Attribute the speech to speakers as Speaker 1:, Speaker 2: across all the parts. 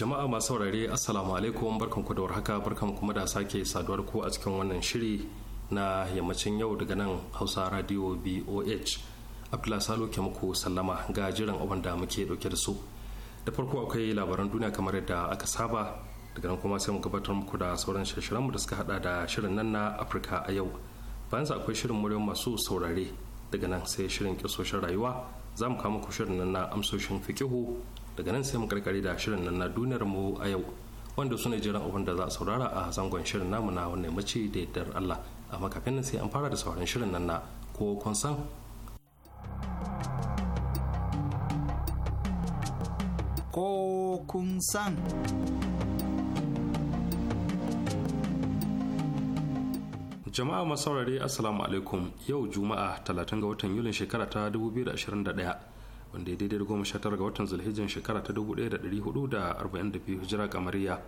Speaker 1: jama'a masu saurare assalamu alaikum barkan ku da warhaka barkan kuma da sake saduwar ku a cikin wannan shiri na yammacin yau daga nan hausa radio boh abdullahi salo ke muku sallama ga jiran abin da muke dauke da su da farko akwai labaran duniya kamar yadda aka saba daga nan kuma sai mu gabatar muku da sauran shirye mu da suka hada da shirin nan na afirka a yau bayan sa akwai shirin muryar masu saurare daga nan sai shirin kisoshin rayuwa za mu kawo muku shirin nan na amsoshin fikihu daga nan sai mu karkare da shirin nan na duniyar mu a yau wanda su ne jiran abin da za a saurara a zangon shirin namu na wannan mace da yardar Allah amma kafin nan sai an fara da sauran shirin nan na ko kun san
Speaker 2: ko kun san
Speaker 1: jama'a masaurari assalamu alaikum yau juma'a 30 ga watan yulin shekara ta 2021 wanda ya daidai da goma sha tara ga watan zulhijjin shekara ta dubu ɗaya da ɗari hudu da arba'in da biyu hijira kamariya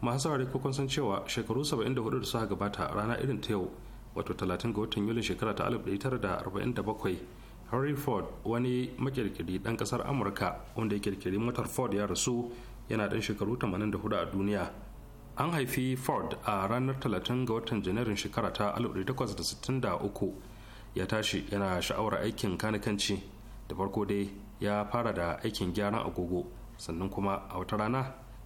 Speaker 1: masu saurari ko kun san cewa shekaru saba'in da hudu da suka gabata rana irin ta yau wato talatin ga watan yulin shekara ta alif ɗari tara da arba'in da bakwai harry ford wani makirkiri ɗan ƙasar amurka wanda ya kirkiri motar ford ya rasu yana ɗan shekaru tamanin da hudu a duniya an haifi ford a ranar talatin ga watan janairun shekara ta alif takwas da da sittin uku ya tashi yana sha'awar aikin kanikanci da farko dai ya fara da aikin gyaran agogo sannan kuma a wata rana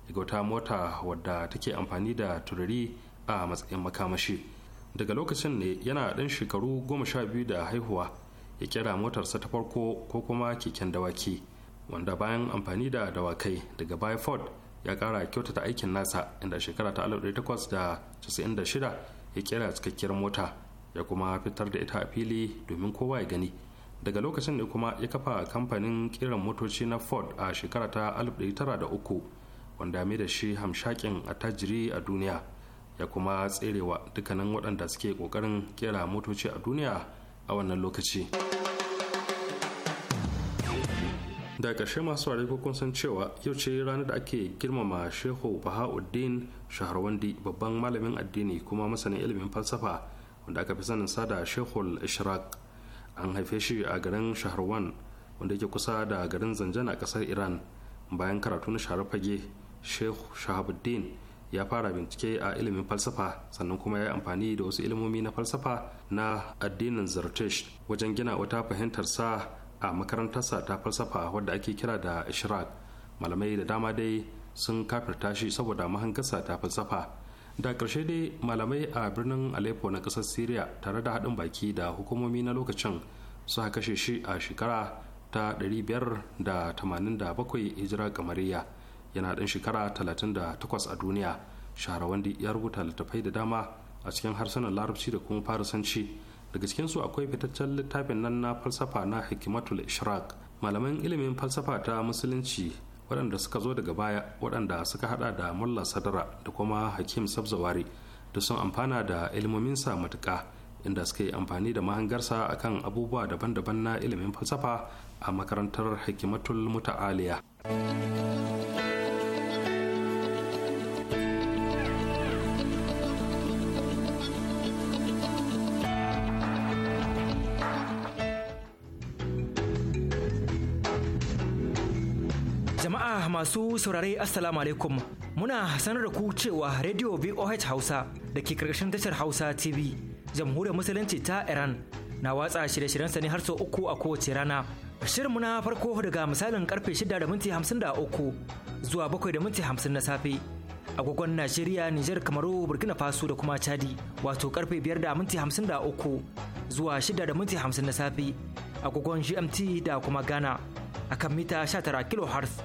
Speaker 1: daga wata mota wadda take amfani da turari a matsayin makamashi daga lokacin ne yana ɗan shekaru goma sha biyu da haihuwa ya kira motarsa ta farko ko kuma keken dawaki wanda bayan amfani da dawakai daga baya ford ya kara kyautata aikin nasa inda shekara ta shida ya kira cikakkiyar mota ya kuma fitar da ita a fili domin kowa ya gani daga lokacin da kuma ya kafa kamfanin kiran motoci na ford a shekara ta 1903 wanda mai da shi hamshakin attajiri a duniya ya kuma tserewa dukkanin waɗanda suke ƙoƙarin kera motoci a duniya a wannan lokaci da ƙarshe masu ware kun san cewa yau ce ranar da ake girmama shehu bahauddin shaharwandi babban malamin addini kuma masanin ilimin falsafa wanda aka fi sanin sada shehul ishraq an haife shi a garin shaharwan wanda yake kusa da garin zanjan a kasar iran bayan karatu na shahar fage sheikh shahabuddin ya fara bincike a ilimin falsafa sannan kuma ya yi amfani da wasu ilimomi na falsafa na addinin zartesh wajen gina wata fahimtar sa a makarantarsa ta falsafa wadda ake kira da ishraq malamai da dama dai sun kafirta shi saboda mahangarsa ta falsafa da ƙarshe dai malamai a birnin aleppo na ƙasar syria tare da haɗin baki da hukumomi na lokacin suka kashe shi a shekara ta 587 hijira kamariya yana ɗan shekara 38 a duniya shaharawandi ya rubuta littattafai da dama a cikin harsunan larabci da kuma farisanci daga cikinsu akwai fitaccen littafin nan na falsafa na hikimatul ishraq malaman ilimin falsafa ta musulunci waɗanda suka zo daga baya waɗanda suka hada da mulla sadara da kuma hakim sabzawari da sun amfana da ilmominsa matuka inda suka yi amfani da mahangarsa akan abubuwa daban-daban na ilimin falsafa a makarantar hakimatul muta'aliya
Speaker 3: masu saurare assalamu alaikum muna sanar da ku cewa radio voh hausa da ke karkashin tashar hausa tv jamhuriyar musulunci ta iran na watsa shirye-shiryensa ne har sau uku a kowace rana shirin muna farko daga misalin karfe shida da zuwa bakwai na safe agogon najeriya niger kamaru burkina faso da kuma chadi wato karfe biyar da zuwa shida na safe agogon gmt da kuma ghana akan mita 19 kilohertz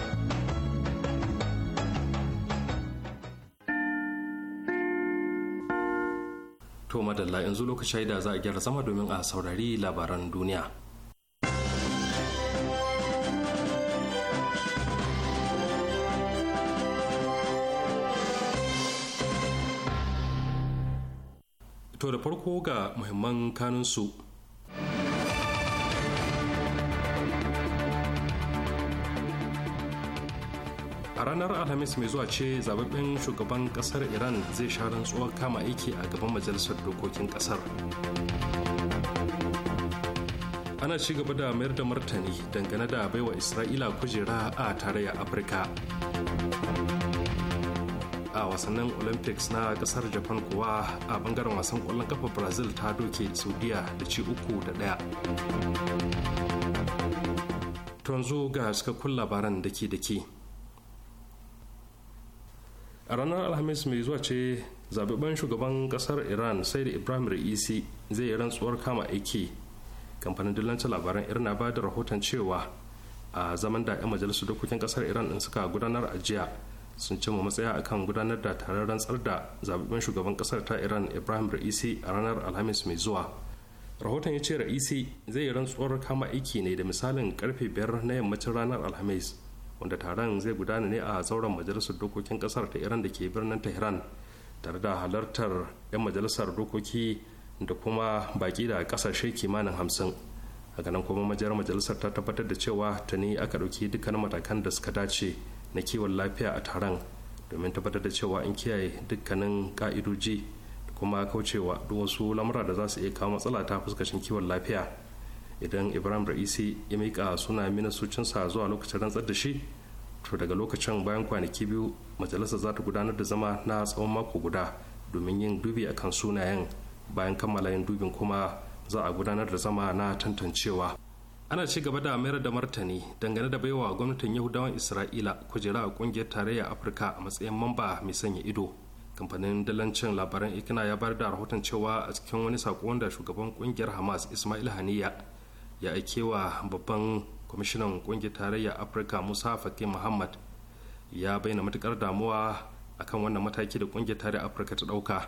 Speaker 1: To madalla yanzu lokaci da za a gyara sama domin a saurari labaran duniya. To da farko ga muhimman kanunsu. a ranar alhamis mai zuwa ce zababben shugaban kasar iran zai sha rantsuwar kama aiki a gaban majalisar dokokin kasar ana ci gaba da mayar da martani dangane da baiwa isra'ila kujera a tarayyar afirka a wasannin olympics na kasar japan kuwa a bangaren wasan kwallon kafa brazil ta doke saudiya da ci uku da daya tonzo ga cikakkun labaran da ke da ke a ranar alhamis mai zuwa ce zababben shugaban kasar iran sai da ibrahim ra'isi zai yi rantsuwar kama aiki kamfanin dillancin labaran irna ba da rahoton cewa a zaman da 'yan majalisar dokokin kasar iran din suka gudanar a jiya sun cimma matsaya akan gudanar da taron rantsar da zababben shugaban kasar ta iran ibrahim ra'isi a ranar alhamis mai zuwa rahoton ya ce ra'isi zai yi rantsuwar kama aiki ne da misalin karfe biyar na yammacin ranar alhamis wanda taron zai gudana ne a sauran majalisar dokokin kasar ta iran da ke birnin tehran tare da halartar 'yan majalisar dokoki da kuma baki da kasashe kimanin hamsin a nan kuma majiyar majalisar ta tabbatar da cewa ta ni aka ɗauki dukkan matakan da suka dace na kiwon lafiya a taron domin tabbatar da cewa an kiyaye dukkanin ka'idoji da kuma kaucewa duk wasu lamura da za su iya kawo matsala ta fuskacin kiwon lafiya idan ibrahim ra'isi ya mika suna sucinsa zuwa lokacin rantsar da shi to daga lokacin bayan kwanaki biyu majalisar za ta gudanar da zama na tsawon mako guda domin yin dubi a kan sunayen bayan kammala yin dubin kuma za a gudanar da zama na tantancewa ana ci gaba da mayar da martani dangane da baiwa gwamnatin yahudawan isra'ila kujera a kungiyar tarayya afirka a matsayin mamba mai sanya ido kamfanin dalancin labaran ikina ya bayar da rahoton cewa a cikin wani sako wanda shugaban kungiyar hamas ismail haniya ya aikewa babban kwamishinan kungiyar tarayya afirka musa fake muhammad ya bayyana matukar damuwa akan wannan mataki da kungiyar tarayya afirka ta dauka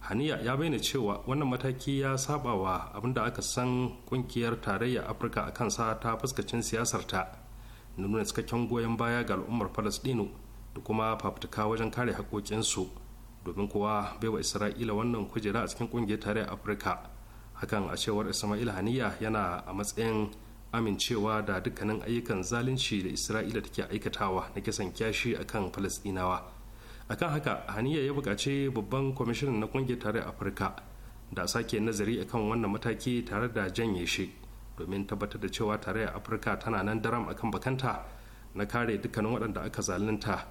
Speaker 1: haniya ya bayyana cewa wannan mataki ya saba wa abinda aka san kungiyar tarayya afirka a kansa ta fuskacin siyasarta na nuna cikakken goyon baya ga al'ummar falastinu da kuma fafutuka wajen kare haƙoƙinsu domin kowa wa isra'ila wannan kujera a cikin kungiyar tarayya afirka hakan a cewar ismail haniya yana a matsayin amincewa da dukkanin ayyukan zalunci da isra'ila take aikatawa na kisan kyashi akan falasdinawa akan haka haniya ya buƙaci babban kwamishinan na ƙungiyar tare afirka da sake nazari akan wannan mataki tare da janye shi domin tabbatar da cewa tare afirka tana nan daram akan bakanta na kare dukkanin waɗanda aka zalunta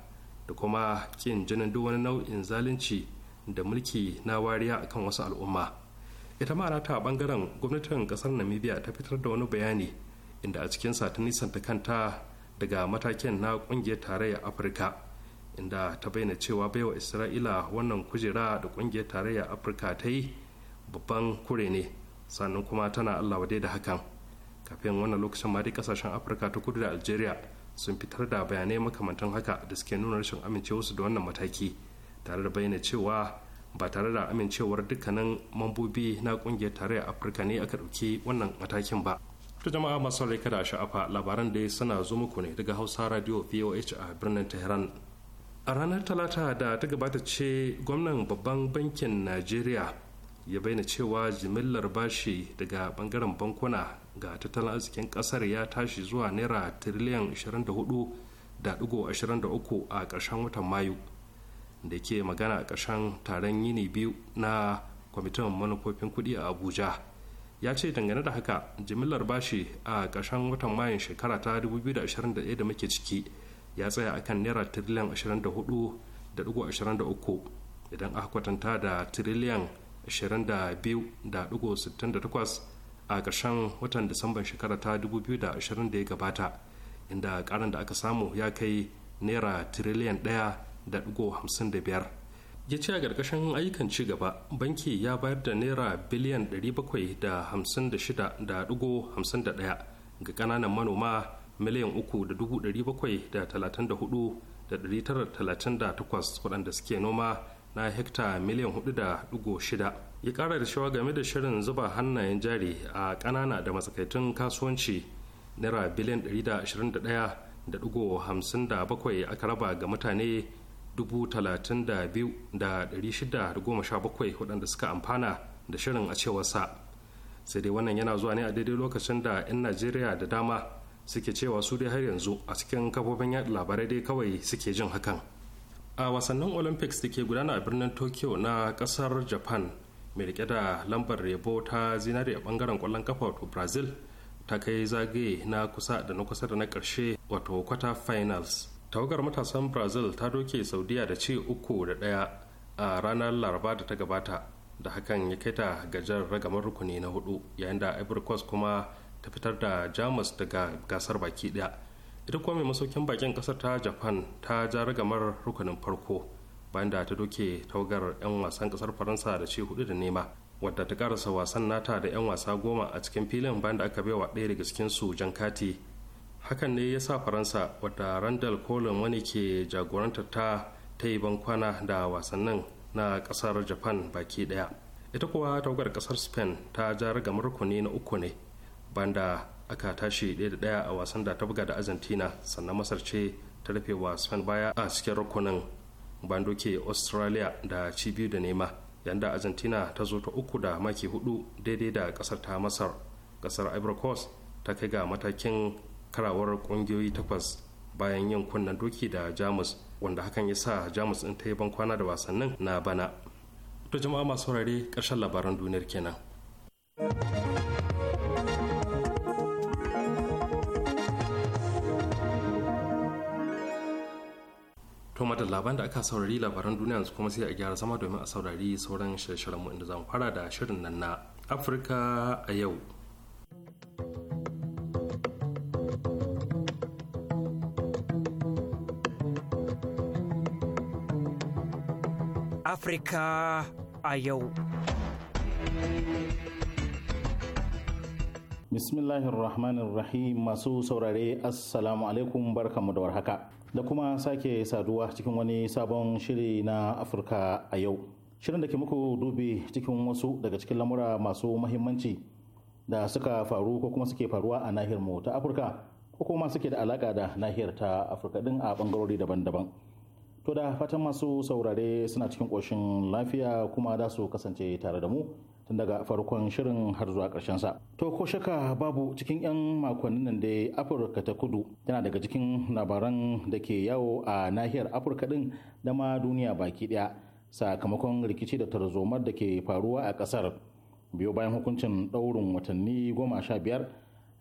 Speaker 1: da kuma ƙin jinin duk wani nau'in zalunci da mulki na wariya akan wasu al'umma ita ma ta bangaren gwamnatin ƙasar namibia ta fitar da wani bayani inda a cikinsa ta nisanta kanta daga matakin na ƙungiyar tarayyar afirka inda ta bayyana cewa baiwa isra'ila wannan kujera da ƙungiyar tarayyar afirka ta yi babban kure ne sannan kuma tana allah wadai da hakan kafin wannan lokacin ma dai kasashen afirka ta kudu da algeria sun fitar da bayanai makamantan haka da suke nuna rashin amincewarsu da wannan mataki tare da bayyana cewa ba tare da amincewar dukkanin mambobi na kungiyar tarayyar afirka ne aka ɗauki wannan matakin ba To jama'a masu rai kada sha'afa labaran da suna zo muku ne daga Hausa Radio VOH a birnin Tehran. A ranar Talata da ta gabata ce gwamnan babban bankin Najeriya ya bayyana cewa jimillar bashi daga bangaren bankuna ga tattalin arzikin kasar ya tashi zuwa naira tiriliyan 24.23 a ƙarshen watan Mayu da ke magana a ƙarshen taron yini biyu na kwamitin manufofin kuɗi a Abuja. ya ce dangane da haka jimillar bashi a ƙarshen watan mayun shekara ta 2021 da muke ciki ya tsaya akan naira tiriliyan 24.23 idan aka kwatanta da tiriliyan 22.68 a ƙarshen watan disamban shekara ta 2020 da ya gabata inda ƙarin da aka samu ya kai naira tiriliyan 1.55 ya ce a ƙarƙashin ayyukan ci gaba banki ya bayar da naira biliyan 756.51 ga ƙananan manoma miliyan 3,734,938 waɗanda suke noma na hekta miliyan 4.6 ya ƙara da shawa game da shirin zuba hannayen jari a ƙanana da matsakaitun kasuwanci naira biliyan 121.57 aka raba ga mutane 32,617 waɗanda suka amfana da shirin a cewarsa sai dai wannan yana zuwa ne a daidai lokacin da 'yan najeriya da dama suke cewa su dai har yanzu a cikin kafofin yaɗa labarai dai kawai suke jin hakan a wasannin olympics da ke gudana a birnin tokyo na kasar japan mai rike da lambar rebo ta zinari a bangaren kwallon kafa wato brazil ta kai zagaye na kusa da na kusa da na karshe wato kwata finals tawagar matasan brazil ta doke saudiya da ce uku da ɗaya a ranar laraba da ta gabata da hakan ya kai ta gajar ragamar rukuni na hudu yayin da ivory kuma ta fitar da jamus daga gasar baki ɗaya ita kuma mai masaukin bakin kasar ta japan ta ja ragamar rukunin farko bayan da ta doke tawagar 'yan wasan kasar faransa da ce hudu da nema wadda ta karasa wasan nata da 'yan wasa goma a cikin filin bayan da aka baiwa ɗaya daga cikinsu jan kati hakan ne ya sa faransa wadda randall colin wani ke jagoranta ta ta yi bankwana da wasannin na kasar japan baki daya ita kuwa taugar kasar spain ta ja ragamar rukuni na uku ne banda aka tashi ɗaya da ɗaya a wasan da ta buga da argentina sannan masar ce ta rufe wa spain baya a cikin rukunin bando ke australia da ci biyu da nema yanda argentina ta zo ta uku da maki hudu daidai da kasar ta masar kasar ivory ta kai ga matakin karawar kungiyoyi takwas bayan yin kunnen doki da jamus wanda hakan ya sa jamus ɗin ta yi ban kwana da wasannin na bana to jama'a masu saurare ƙarshen labaran duniyar kenan to da labaran da aka saurari labaran duniya yanzu kuma sai a gyara zama domin a saurari sauran shirye-shiryenmu inda zamu fara da shirin nan na afirka a yau
Speaker 3: Afrika a yau.
Speaker 2: Bismillahir masu saurare Assalamu alaikum barkamu da warhaka da kuma sake saduwa cikin wani sabon shiri na Afirka a yau. Shirin da ke muku dubi cikin wasu daga cikin lamura masu mahimmanci da suka faru ko kuma suke faruwa a nahiyar mu ta Afirka ko kuma suke da alaka da nahiyar ta Afirka din a bangarori daban-daban. To da fatan masu saurare suna cikin ƙoshin lafiya kuma da su kasance tare da mu tun daga farkon shirin har zuwa ƙarshen sa. To ko shaka babu cikin 'yan makonnin nan da Afirka ta kudu tana daga cikin labaran da ke yawo a nahiyar Afirka din da ma duniya baki ɗaya sakamakon rikici da tarzomar da ke faruwa a ƙasar. Biyo bayan hukuncin ɗaurin watanni goma sha biyar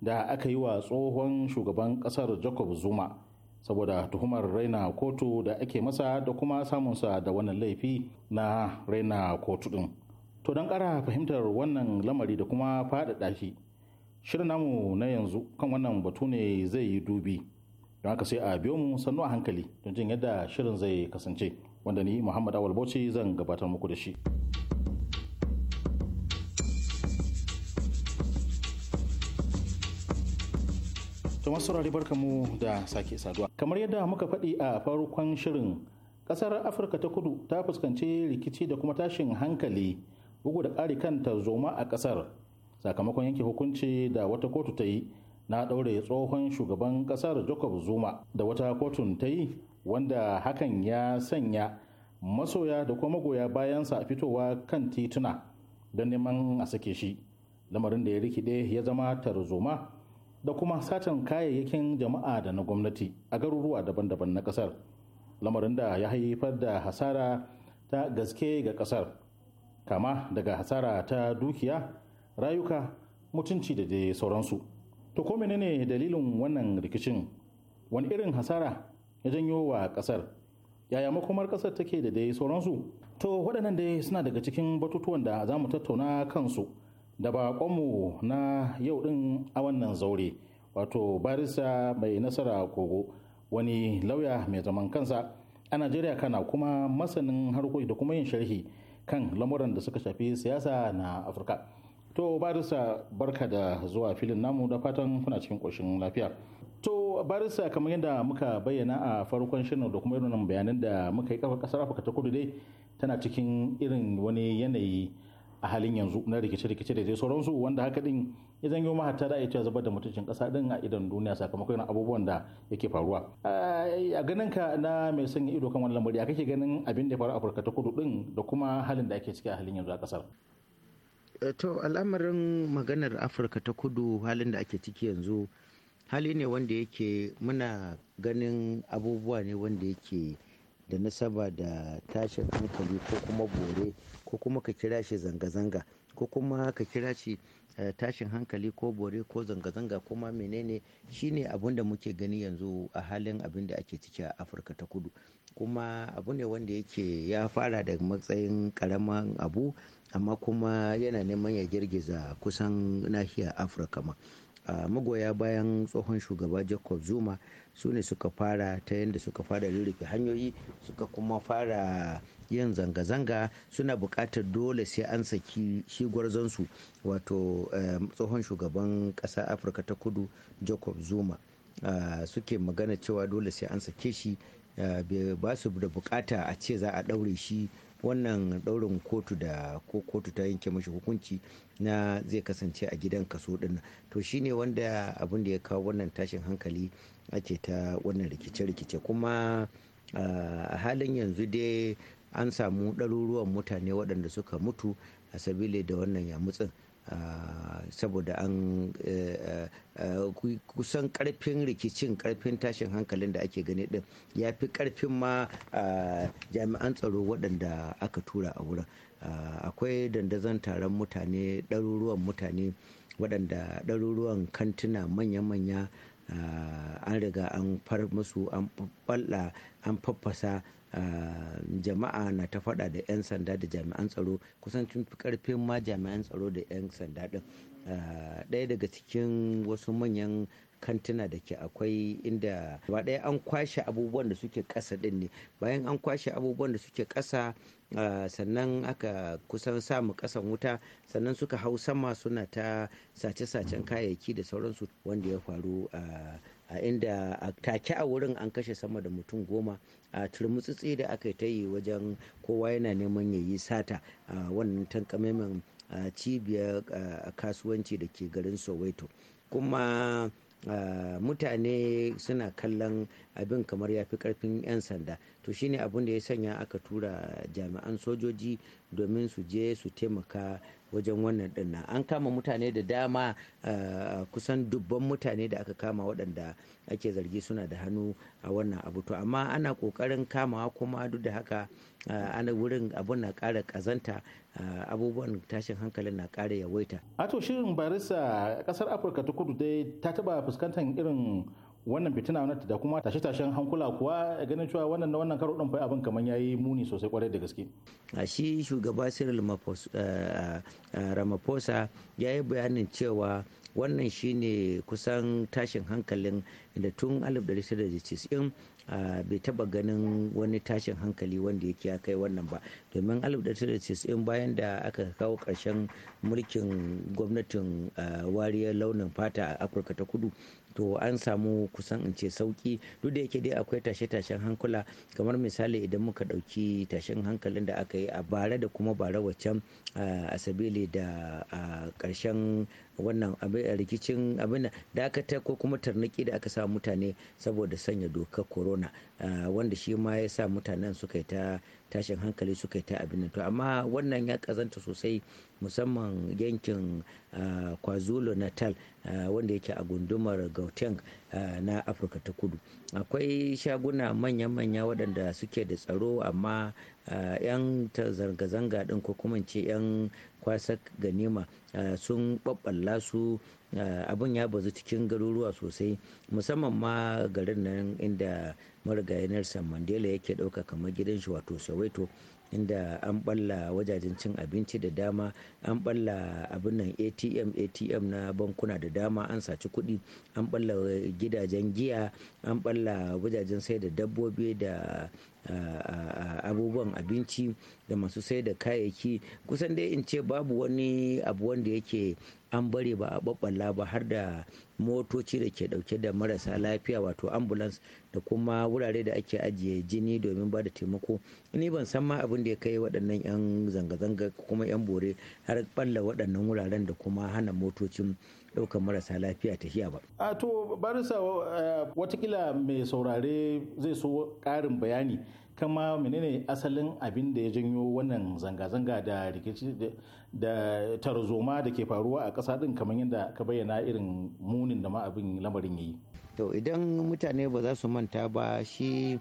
Speaker 2: da aka yi wa tsohon shugaban ƙasar Jacob Zuma. saboda tuhumar raina kotu da ake masa da kuma samunsa da wannan laifi na raina kotu din to don kara fahimtar wannan lamari da kuma faɗaɗa shi shirin namu na yanzu kan wannan batu ne zai yi dubi don haka sai a biyo mu sannu a hankali don jin yadda shirin zai kasance wanda ni muhammad awal bauchi zan gabatar muku da shi. to masu saurari barkamu da sake saduwa kamar yadda muka faɗi a farkon shirin ƙasar afirka ta kudu ta fuskanci rikici da kuma tashin hankali bugu da ƙari kan tarzoma a ƙasar sakamakon yanke hukunci da wata kotu ta yi na ɗaure tsohon shugaban ƙasar jacob zuma da wata kotun ta yi wanda hakan ya sanya masoya da kuma magoya bayansa fitowa kan tituna don neman a sake shi lamarin da ya rikide ya zama tarzoma da kuma satan kayayyakin jama'a da na gwamnati a garuruwa daban-daban na kasar lamarin da ya haifar da hasara ta gaske ga kasar kama daga hasara ta dukiya rayuka mutunci da dai sauransu to ko menene dalilin wannan rikicin wani irin hasara ya janyo wa kasar yaya makomar kasar take da dai sauransu to waɗannan dai suna daga cikin batutuwan da za mu tattauna kansu da baƙonmu na yau ɗin a wannan zaure wato barista mai nasara kogo wani lauya mai zaman kansa a najeriya kana kuma masanin harkoki da kuma yin sharhi kan lamuran da suka shafi siyasa na afirka to barisa barka da zuwa filin namu da fatan kuna cikin ƙoshin lafiya to barisa kamar yadda muka bayyana a farkon shirin da kuma irin bayanan da muka yi kafa kasar afirka ta kudu dai tana cikin irin wani yanayi a halin yanzu na rikice-rikice da dai sauransu wanda haka din ya zanyo mahatta da ya zubar da mutuncin kasa din a idan duniya sakamakon abubuwan da yake faruwa a ganin ka na mai sanya ido kan wannan lamari a kake ganin abin da ya faru a Afirka ta Kudu din da kuma halin da ake ciki a halin yanzu a kasar
Speaker 4: eh, to al'amarin maganar Afirka ta Kudu halin da ake ciki yanzu hali ne wanda yake muna ganin abubuwa ne wanda yake da nasaba da tashin hankali ko kuma bore ko kuma ka kira shi zanga-zanga ko kuma ka kira shi eh, tashin hankali ko bore ko zanga-zanga ko ma menene shine abin da muke gani yanzu a halin abin da ake ciki a afirka ta kudu kuma abu ne wanda yake ya fara da matsayin karaman abu amma kuma yana neman ya girgiza kusan nahiyar afirka ma ah, magoya bayan tsohon shugaba jacob zuma su ne suka fara ta yadda suka fara rurrufe hanyoyi suka kuma fara yin zanga-zanga suna bukatar dole sai an saki shi gwarzonsu wato eh, tsohon shugaban ƙasa afirka ta kudu jacob zuma ah, suke magana cewa dole sai an sake shi ah, ba su da bukata a ce za a ɗaure shi wannan ɗaurin kotu da ko kotu ta yanke mashi hukunci na zai kasance a gidan kaso ɗin to shine wanda abin da ya kawo wannan tashin hankali ake ta wannan rikice-rikice kuma a halin yanzu dai an samu ɗaruruwan mutane waɗanda suka mutu a sabili da wannan yamutsin saboda an e, e, e, kusan karfin rikicin karfin tashin hankalin da ake gani din ya fi karfin ma jami'an tsaro waɗanda aka tura a wurin akwai dandazon taron mutane ɗaruruwan mutane waɗanda ɗaruruwan kantuna manya-manya Ah, an riga an far musu an balla an faffasa ah, jama'a na ta faɗa da 'yan sanda da jami'an tsaro kusan tun ma jami'an tsaro da 'yan sanda ɗin ah, ɗaya daga cikin wasu manyan kantuna da ke akwai inda ba ɗaya an kwashe abubuwan da suke ƙasa ɗin ne bayan an kwashe abubuwan da suke ƙasa Eh, sannan aka kusan samu kasan wuta sannan suka hau sama suna ta sace-sacen kayayyaki da sauransu wanda ya faru eh, a inda a take a wurin an kashe sama da mutum goma a turmutsitsi da aka ta yi wajen kowa yana neman yayi sata a wannan tankamaimin eh, cibiyar kasuwanci da ke garin soweto kuma Eh, mutane suna kallon abin kamar ya fi karfin 'yan sanda to shine abin da ya sanya aka tura jami'an sojoji domin su je su taimaka wajen wannan din nan an kama mutane da dama ah, kusan dubban mutane da aka kama waɗanda ake zargi suna da hannu a wannan abu to amma ana ƙoƙarin kamawa kuma duk da haka ah, ana wurin abun na ƙara kazanta ah, abubuwan tashin hankalin na ƙara yawaita.
Speaker 2: a ato shirin barisa ƙasar afirka ta kudu dai ta taɓa fuskantar irin wannan fitina na da kuma tashe-tashen hankula kuwa ganin cewa wannan na wannan karo din fa abin kamar yayi muni sosai kwarai da gaske a shi shugaba
Speaker 4: Cyril Ramaphosa eh, eh, ya yi bayanin cewa wannan shine kusan tashin hankalin da tun 1990 eh, bai taba ganin wani tashin hankali wanda yake ya kai wannan ba domin 1990 bayan da aka kawo karshen mulkin gwamnatin wariyar launin fata a afirka ta kudu to an samu kusan in ce sauki duk da yake dai akwai tashe-tashen hankula kamar misali idan muka ɗauki tashen hankalin da aka yi a bara da kuma bara waccan ah, a sabili da a ah, ƙarshen wannan abin eh, rikicin abin dakatar ko kuma tarniki da aka sa mutane saboda sanya doka corona eh, wanda shi ma ya sa mutanen suka yi ta tashin hankali suka yi ta abin to amma wannan ya kazanta sosai musamman yankin eh, kwazulu natal wanda yake a gundumar gauteng na afirka ta kudu akwai shaguna manya-manya waɗanda suke da tsaro amma 'yan zanga-zanga din ko kuma ce 'yan kwasa ganima sun ɓaɓɓalla su abin ya bazu cikin garuruwa sosai musamman ma garin nan inda marigayi nelson mandela yake ɗauka kamar gidan shi wato soweto inda an balla wajajen cin abinci da dama an balla abin nan atm atm na bankuna da dama an saci kuɗi an balla gidajen giya an balla wajajen sai da dabbobi da abubuwan abinci da masu sai da kayayyaki kusan dai in ce babu wani abu wanda yake an bari ba a babbala ba har da motoci da ke dauke da marasa lafiya wato ambulance da kuma wurare da ake ajiye jini domin ba da taimako ni ban san ma abin da ya kai waɗannan 'yan zanga-zanga kuma 'yan bore har ɓalla waɗannan wuraren da kuma hana motocin ɗaukan marasa lafiya ta tafiya ba.
Speaker 2: A to barisa watakila mai saurare zai so ƙarin bayani kama menene asalin abin da ya janyo wannan zanga-zanga da rikici da tarzoma da ke faruwa a ƙasa din kamar yadda ka bayyana irin
Speaker 4: munin da ma abin lamarin yayi. To idan mutane ba za su manta ba shi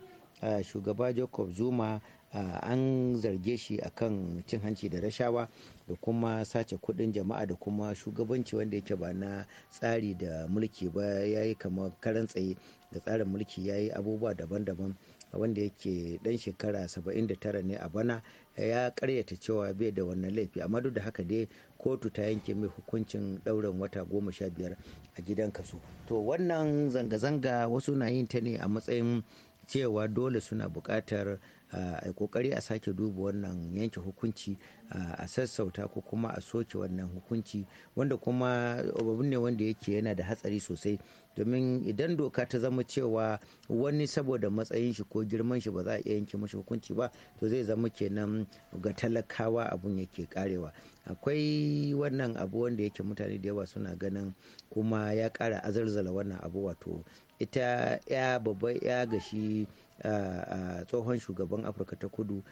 Speaker 4: shugaba Jacob Zuma an zarge shi akan cin hanci da rashawa da kuma sace kudin jama'a da kuma shugabanci wanda yake ba na tsari da mulki ba ya yi kamar karan tsaye da tsarin mulki ya yi abubuwa daban-daban wanda yake dan shekara 79 ne a bana ya karyata cewa bai da wannan laifi amma duk da haka dai kotu ta yanke mai hukuncin ɗaurin wata goma sha biyar a gidan kaso to wannan zanga-zanga wasu na yin ta ne a matsayin cewa dole suna bukatar. a kokari a sake duba wannan yanke hukunci a sassauta ko kuma a soke wannan hukunci wanda kuma abu ne wanda yake yana da hatsari sosai domin idan doka ta zama cewa wani saboda matsayin shi ko girman shi ba za a iya yanke mashi hukunci ba to zai zama kenan ga talakawa abun yake karewa akwai wannan abu wanda yake mutane da yawa suna ganin kuma ya kara azarzala wannan abu wato ita ya babba ya gashi a tsohon shugaban afirka ta kudu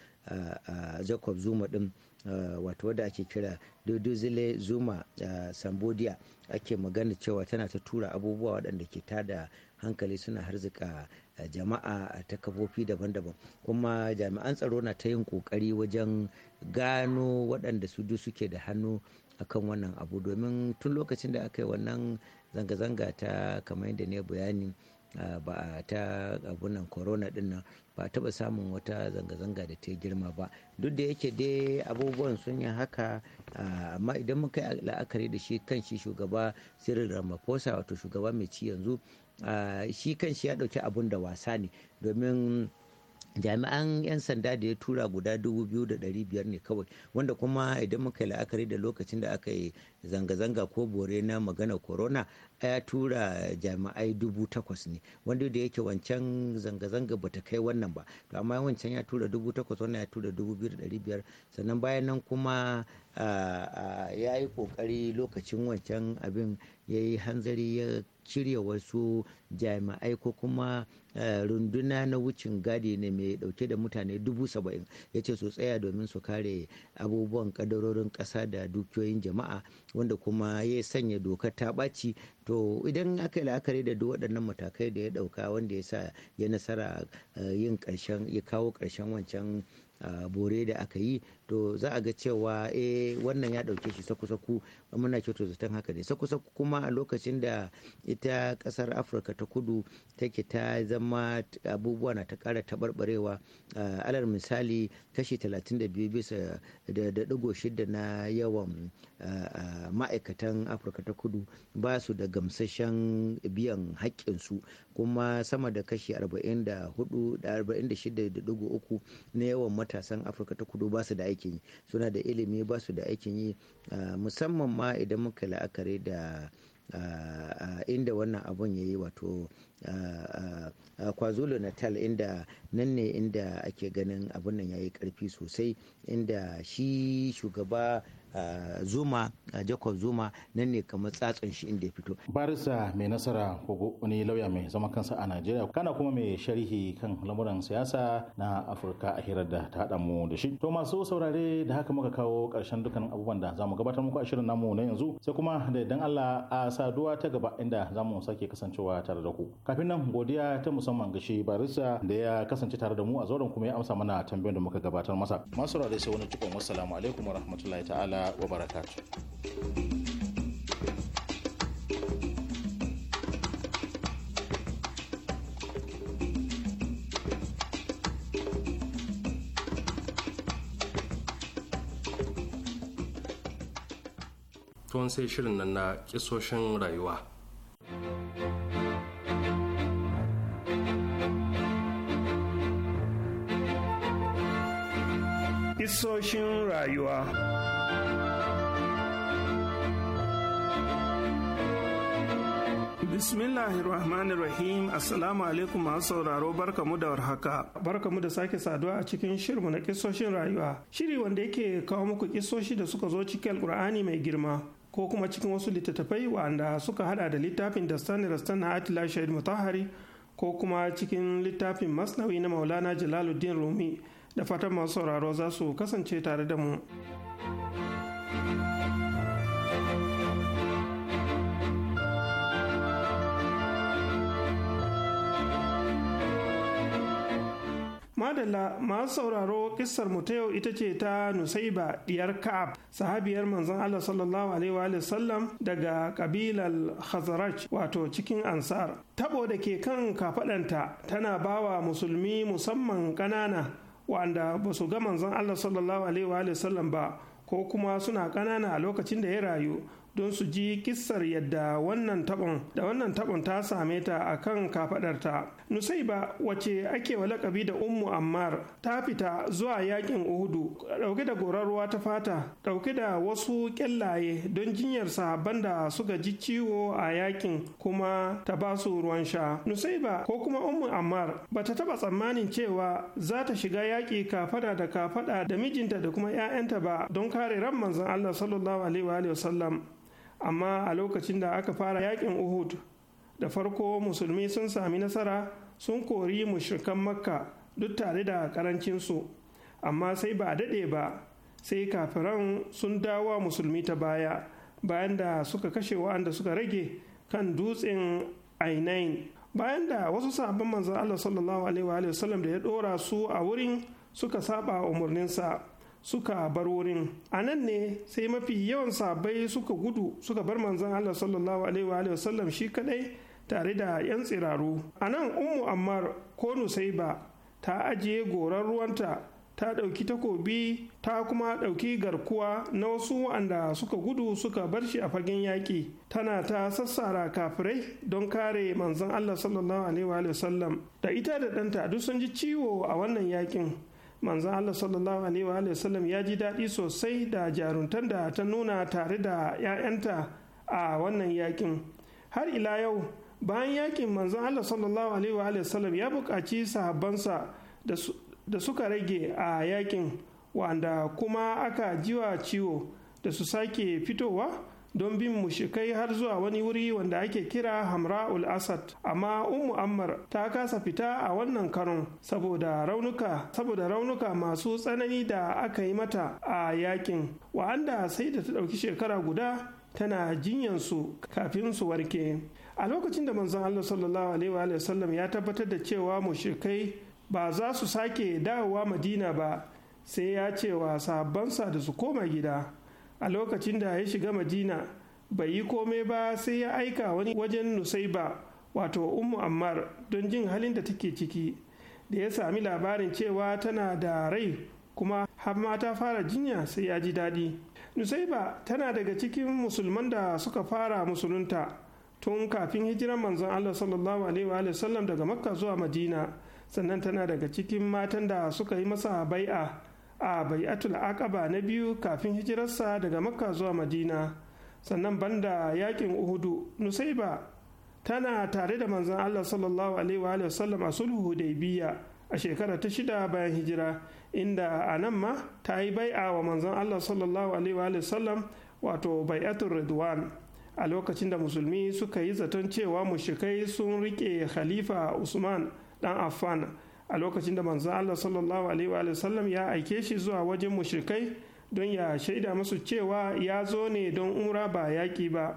Speaker 4: jacob zuma din wato wadda ake kira dodozile zuma sambodia ake magana cewa tana ta tura abubuwa waɗanda ke tada hankali suna harzika jama'a ta kafofi daban-daban kuma jami'an tsaro na ta yin ƙoƙari wajen gano waɗanda su suke da hannu akan wannan abu domin tun lokacin da aka yi wannan zanga-zanga ta kamar yadda ne bayani Ah, ba a ta abunan corona din nan ba taba samun wata zanga-zanga da ta girma ba duk da yake dai abubuwan sun yi haka ah, amma idan muka yi la'akari da shi kan shi shugaba cyril ramaphosa wato shugaba mai ci yanzu ah, shi kan shi ya dauki abun da wasa ne domin jami'an 'yan sanda da ya tura guda 2,500 ne kawai wanda kuma idan muka yi la'akari da lokacin da aka yi zanga-zanga ko bore na magana corona ya tura jami'ai dubu takwas ne wanda da yake wancan zanga-zanga bata kai wannan ba to amma wancan ya tura dubu takwas wannan ya tura dubu biyu da biyar sannan bayan nan kuma ya yi kokari lokacin wancan abin ya yi hanzari ya shirya wasu jami'ai ko kuma runduna na wucin gadi ne mai dauke da mutane dubu saba'in ya ce su tsaya domin su kare abubuwan kadarorin kasa da dukiyoyin jama'a wanda kuma ya sanya dokar ta ɓaci to idan aka yi la'akari da duk waɗannan matakai da ya ɗauka wanda ya sa ya nasara eh, yin ƙarshen ya kawo ƙarshen wancan ah, bore da aka yi to za a ga cewa eh wannan ya dauke shi saku-saku muna kyoto zaton haka ne saku-saku kuma a lokacin da ita kasar afirka ta kudu take ta zama abubuwa na ta kara taɓarɓarewa alal misali kashi 32 bisa da digo shida na yawan ma'aikatan afirka ta kudu ba su da gamsashen biyan haƙƙinsu kuma sama da kashi 44 da uku na yawan matasan afirka ta kudu ba su da aikin suna da ilimi ba su da aikin yi ah, musamman ma idan muka la'akari da ah, ah, inda wannan abun ya yi wato kwazulu natal inda nan ne inda ake ganin abun nan ya yi karfi sosai inda shi shugaba Eh, zuma eh, jacob zuma nan ne kamar tsatson shi inda ya fito
Speaker 2: barisa mai nasara kogo wani lauya mai zama kansa a najeriya kana kuma mai sharhi kan lamuran siyasa na afirka a hirar da ta haɗa mu da shi to masu saurare da haka muka kawo ƙarshen dukkan abubuwan da zamu gabatar muku a shirin namu na yanzu sai kuma da idan allah a saduwa ta gaba inda zamu sake kasancewa tare da ku kafin nan godiya ta musamman ga shi barisa da ya kasance tare da mu a zauren kuma ya amsa mana tambayar da muka gabatar masa masu saurare sai wani cikon wassalamu alaikum warahmatullahi ta'ala ta'ala wa
Speaker 1: tuwon sai shirin nan na kisoshin rayuwa.
Speaker 5: Kisoshin rayuwa. Bismillahirrahmanirrahim Assalamu alaikum masu sauraro barka barkamu da warhaka. Barkamu da sake saduwa a cikin shirmu na kisoshin rayuwa. Shiri wanda yake kawo muku kisoshi da suka zo cikin Alkur'ani mai girma ko kuma cikin wasu littattafai wanda suka hada da littafin da Stanley Rastan na Atila Shahid Mutahari ko kuma cikin littafin Masnawi na Maulana Jalaluddin Rumi da fatan masu sauraro za su kasance tare da mu. madalla masu sauraro kissar mu ta yau ita ce ta nusaiba diyar ka'ab sahabiyar manzon allah sallallahu alaihi wa sallam daga kabilar khazraj wato cikin ansar tabo da ke kan kafadanta tana bawa musulmi musamman ƙanana wanda ba su ga manzon allah sallallahu alaihi wa sallam ba ko kuma suna ƙanana a lokacin da ya rayu don su ji kissar yadda wannan tabon da wannan tabon ta same ta akan kafadarta Nusaiba wace ake wa lakabi da Ummu Ammar ta fita zuwa yakin Uhudu dauke da gorarwa ta fata dauke da wasu kyallaye don jinyar banda suka ji ciwo a yakin kuma ta ba su ruwan sha. Nusaiba ko kuma Ummu Ammar bata taba tsammanin cewa za ta shiga yaki kafada da kafada da mijinta da kuma 'ya'yanta ba don kare ran manzon Allah sallallahu alaihi wa sallam amma a lokacin da aka fara yakin Uhud da farko musulmi sun sami nasara sun kori mushrikan makka duk tare da karancinsu amma sai ba a daɗe ba sai kafiran sun dawa musulmi ta baya bayan da suka kashe wa'anda suka rage kan dutsen ainihin. bayan da wasu sabon manzan Allah sallallahu alaihi wa sallam da ya ɗora su a wurin suka saba umarninsa suka bar wurin a nan ne sai mafi yawan sabai suka gudu suka bar manzan Allah sallallahu alaihi wa sallam shi kadai tare da 'yan tsiraru a nan umu ammar ko nusaiba ta ajiye goran ruwanta ta ɗauki takobi ta kuma ɗauki garkuwa na wasu wa'anda suka gudu suka bar shi a fagen yaƙi tana ta sassara kafirai don kare manzon allah sallallahu alaihi wa da ita da ɗanta duk sun ji ciwo a wannan yaƙin manzon Allah sallallahu alaihi wa ya ji daɗi sosai da jaruntan da ta nuna tare da 'ya'yanta a wannan yaƙin, har ila yau bayan yakin manzon Allah sallallahu alaihi wa sallam ya buƙaci sahabbansa da suka rage a yakin wanda kuma aka jiwa ciwo da su sake fitowa don bin mushikai har zuwa wani wuri wanda ake kira hamra'ul asad amma ummu ammar ta kasa fita a wannan karon saboda raunuka saboda raunuka masu tsanani da aka yi mata a yakin wa'anda sai da ta ɗauki shekara guda tana jinyansu kafin su warke a lokacin da manzon Allah sallallahu alaihi wa sallam ya tabbatar da cewa mushrikai ba za su sake dawowa madina ba sai ya ce wa sahabbansa da su koma gida a lokacin da ya shiga madina bai yi komai ba sai ya aika wani wajen nusaiba wato ummu ammar don jin halin da take ciki da ya sami labarin cewa tana da rai kuma har ma ta fara jinya sai ya ji daɗi nusaiba tana daga cikin musulman da suka fara musulunta tun kafin hijiran manzon Allah sallallahu alaihi wa sallam daga makka zuwa madina sannan tana daga cikin matan da suka yi masa bai'a a bai'atul aqaba na biyu kafin hijirarsa daga makka zuwa madina sannan banda yakin uhudu nusaiba tana tare da manzon Allah sallallahu alaihi wa sallam a sulhu hudaybiya a shekara ta shida bayan hijira inda a nan ma ta yi bai'a wa manzon Allah sallallahu alaihi wa sallam wato bai'atul ridwan a lokacin da musulmi suka yi zaton cewa mushrikai sun rike khalifa usman dan affan a lokacin da manzo allah sallallahu alaihi wa sallam ya aike shi zuwa wajen mushrikai don ya shaida musu cewa ya zo ne don umra ba yaƙi ba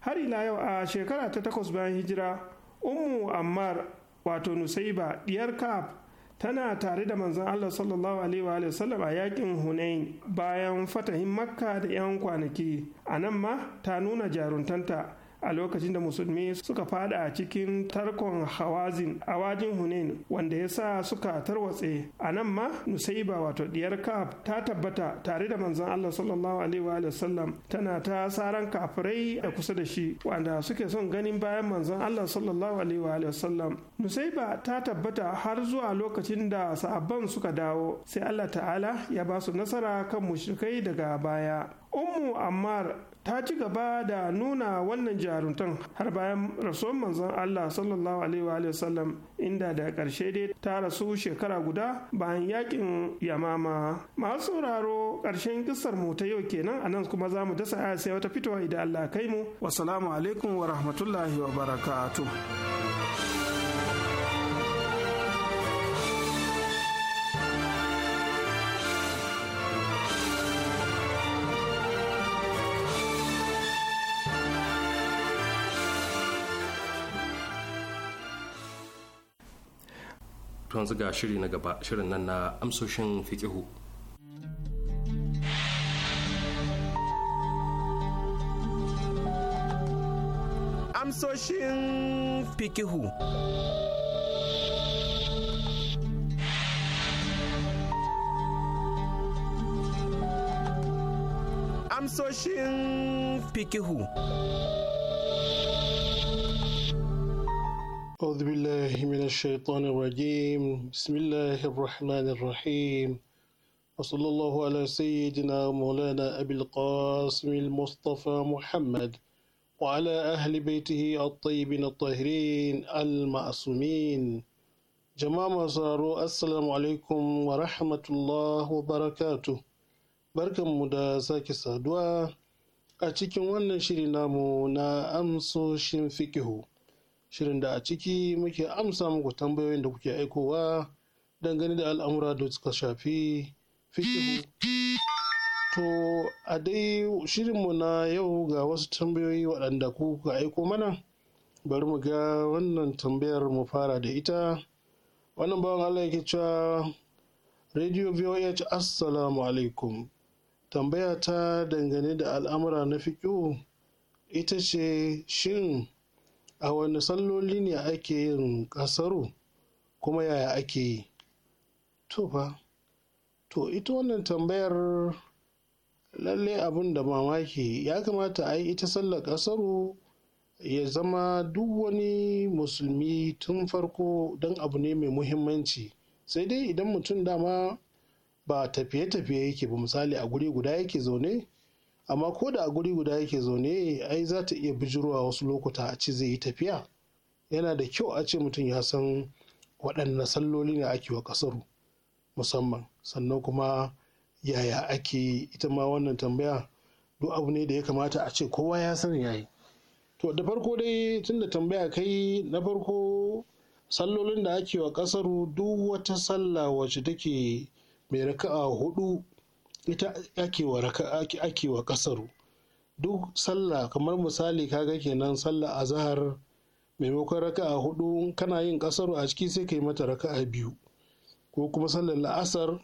Speaker 5: har ila yau a shekara ta takwas bayan hijira ummu ammar wato nusaiba diyar kaf tana tare da manzon Allah sallallahu alaihi wa sallam a yakin Hunain bayan fatahin Makka da 'yan kwanaki a nan ma ta nuna jaruntanta a lokacin da musulmi suka fada cikin tarkon hawazin a wajin hunain wanda ya sa suka tarwatse a nan ma nusaiba wato diyar kaf ta tabbata tare da manzon allah sallallahu alaihi wa sallam tana ta saran kafirai da kusa da shi wanda suke son ganin bayan manzon allah sallallahu alaihi wa sallam nusaiba ta tabbata har zuwa lokacin da sa'abban suka dawo sai allah ta'ala ya ba su nasara kan mushrikai daga baya Ummu Ammar ta ci gaba da nuna wannan jaruntan har bayan rasuwar manzon Allah sallallahu alaihi wa sallam inda da ƙarshe dai ta rasu shekara guda bayan yakin yamama masu sauraro ƙarshen kisar mu ta yau kenan anan kuma za mu dasa aya sai wata fitowa idan Allah kai mu wassalamu alaikum wa rahmatullahi wa barakatuh
Speaker 1: tun zuga shiri na gaba shirin nan na amsoshin fikihu
Speaker 5: amsoshin fikihu
Speaker 6: amsoshin fikihu أعوذ بالله من الشيطان الرجيم بسم الله الرحمن الرحيم وصلى الله على سيدنا مولانا أبي القاسم المصطفى محمد وعلى أهل بيته الطيبين الطاهرين المعصومين جماعة صاروا السلام عليكم ورحمة الله وبركاته بركة مدى ساكي سادوا أتكي وانا شرينا مونا أمسو شنفكهو shirin da a ciki muke amsa muku tambayoyin da kuke aikowa dangane da al'amura da suka shafi fikihu to a dai shirinmu na yau ga wasu tambayoyi waɗanda ku ka aiko mana bari mu ga wannan tambayar mu fara da ita wannan bawan allah yake cewa radio voh assalamu alaikum tambaya ta dangane da al'amura na fikihu ita ce shin a wani salloli ne ake yin kasaro kuma yaya ake yi to fa to ita wannan tambayar lalle abin da mamaki ya kamata a yi ita sallar kasaro ya zama duk wani musulmi tun farko don abu ne mai muhimmanci sai dai idan mutum dama ba tafiye-tafiye yake ba misali a guri guda yake zaune amma ko da a guri guda yake zaune ai za ta iya bijirwa wasu lokuta a ci zai yi tafiya yana da kyau a ce mutum ya san waɗanne salloli ne ake wa ƙasar musamman sannan kuma yaya ake ita ma wannan tambaya duk abu ne da ya kamata a ce kowa ya san yayi to da farko dai tunda tambaya kai na farko sallolin da ake wa ƙasar duk wata sallah wacce take mai raka'a hudu ita ake wa kasaru duk sallah kamar misali kaga kenan sallah a zahar maimakon raka'a hudu kana yin kasaru a ciki sai kai mata raka'a biyu ko kuma sallar la'asar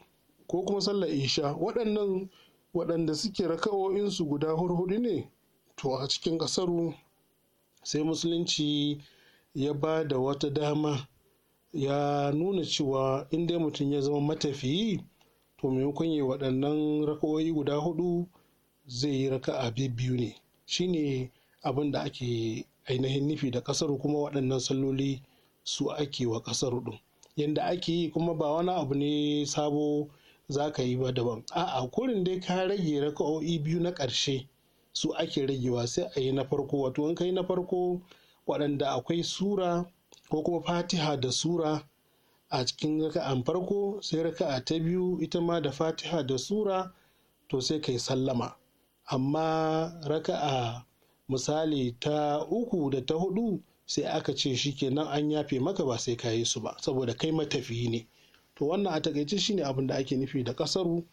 Speaker 6: ko kuma sallar isha waɗannan waɗanda suke raka'o'insu guda hurhudu ne to a cikin kasaru sai musulunci ya ba da wata dama ya nuna cewa in dai mutum ya zama matafiyi to maimakon yi waɗannan raka'o'i guda hudu zai yi raka'a biyu ne shine abin da ake ainihin nufi da kasar kuma waɗannan salloli su ake wa kasar din yadda ake yi kuma ba wani abu ne sabo za ka yi ba daban a'a kurin dai ka rage raka'o'i biyu na ƙarshe su ake ragewa sai a yi na farko wato kai na farko waɗanda akwai sura ko kuma fatiha da sura a cikin raka'an farko sai raka'a ta biyu ita ma da fatiha da sura to sai kai sallama amma raka'a misali ta uku da ta hudu sai aka ce shi kenan an yafe maka ba sai ka yi su ba saboda kai matafiyi ne to wannan a takaice shine abin da ake nufi da kasaru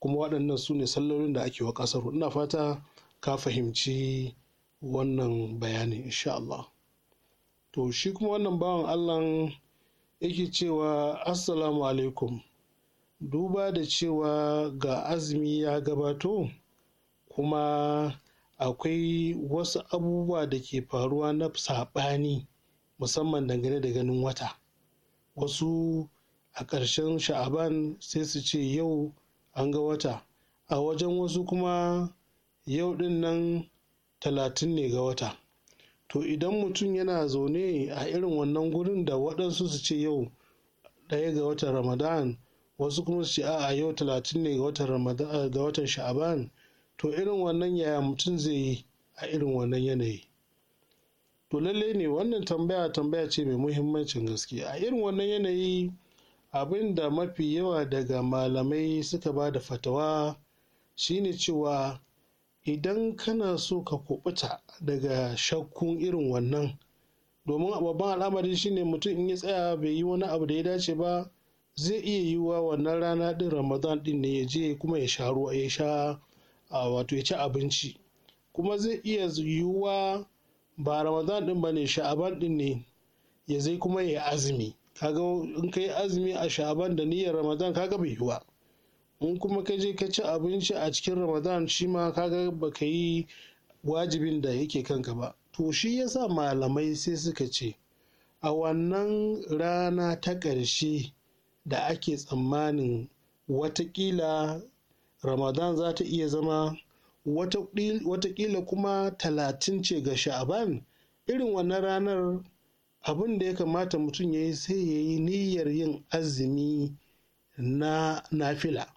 Speaker 6: kuma waɗannan su ne sallolin da ake wa kasaru ina fata ka fahimci wannan bayanin insha Allah to shi kuma wannan bawan Allah yake cewa assalamu alaikum duba da cewa ga azumi ya gabato kuma akwai wasu abubuwa da ke faruwa na saɓani musamman dangane da ganin wata wasu a ƙarshen sha'aban sai su ce yau an ga wata a wajen wasu kuma yau ɗin nan talatin ne ga wata to idan mutum yana zaune a irin wannan gurin da waɗansu su ce yau ɗaya ga watan ramadan wasu kuma su ce a'a yau talatin ne ga watan eh, sha'aban to irin wannan yaya mutum zai yi a irin wannan yanayi to lallai ne wannan tambaya tambaya ce mai muhimmancin gaske a irin wannan yanayi abinda mafi yawa daga malamai suka ba da fatawa shine cewa idan kana so ka kubuta daga shakkun irin wannan domin babban al'amari shine mutum in ya tsaya bai yi wani abu da ya dace ba zai iya yiwuwa wannan rana din ramadan din ne ya je kuma ya sha ruwa ya sha wato ya ci abinci kuma zai iya yiwuwa ba ramadan din ba ne sha'aban din ne ya zai kuma ya azumi kaga in ka yi azumi a sha'aban da niyyar ramadan kaga bai yiwuwa in kuma ka je ka ci abinci a cikin ramadan shi ma kaga baka yi wajibin da yake kanka ba to shi yasa malamai sai suka ce a wannan rana ta ƙarshe da ake tsammanin watakila ramadan za ta iya zama watakila kuma talatin ce ga sha'aban irin wannan ranar abin da ya kamata mutum ya yi sai ya yi niyyar yin azumi na nafila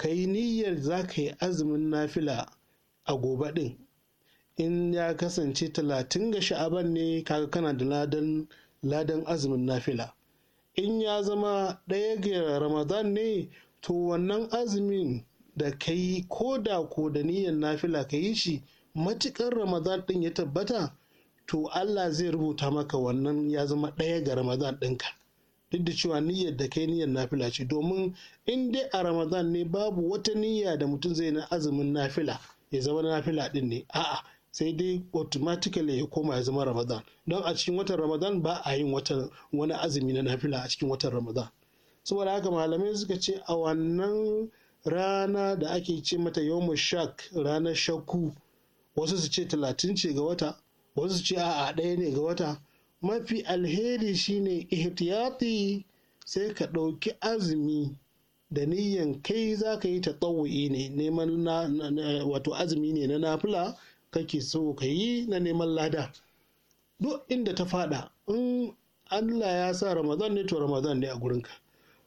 Speaker 6: ka yi niyyar za ka yi azumin nafila a gobe ɗin in ya kasance talatin ga sha'aban ne kaga kana da ladan ladan azumin nafila in ya zama ɗaya ga ramadan ne to wannan azumin da ka yi ko da ko da niyyar nafila ka yi shi matuƙar ramadan ɗin ya tabbata to allah zai rubuta maka wannan ya zama ɗaya ga ramadan ɗinka duk da cewa niyyar da kai niyyar nafila ce domin in dai a ramadan ne babu wata niyya da mutum zai na azumin nafila ya zama nafila din ne a'a sai dai automatically ya koma ya zama ramadan don a cikin watan ramadan ba a yin watan wani azumi na nafila a cikin watan ramadan saboda haka malamai suka ce a wannan rana da ake ce mata yawon shak ranar shakku wasu su ce talatin ce ga wata wasu su ce a'a ɗaya ne ga wata mafi alheri shine ihtiyati sai ka ɗauki azumi da niyyan kai za ka yi ta ne neman wato azumi ne na nafila kake so ka yi na neman lada duk inda ta fada in allah ya sa ramadan ne to ramadan ne a gurinka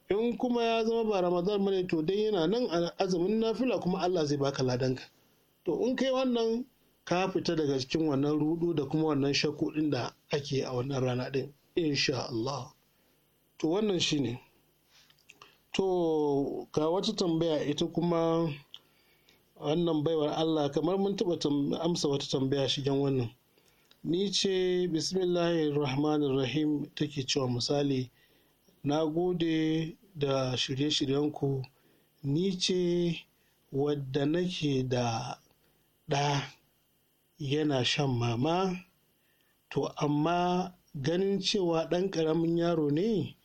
Speaker 6: in kuma ya zama ba ramadan ne to dai yana nan a azumin nafila kuma allah zai baka ladanka to in kai wannan ka fita daga cikin wannan rudu da kuma wannan shakku din da ake a wannan rana din insha Allah to wannan shine to ga wata tambaya ita kuma wannan baiwar Allah kamar mun taba amsa wata tambaya shigen wannan ni ce bismillahirrahmanirrahim take cewa misali na gode da shirye-shiryenku ni ce wadda nake da ɗa yana shan mama to amma ganin cewa ɗan ƙaramin yaro ne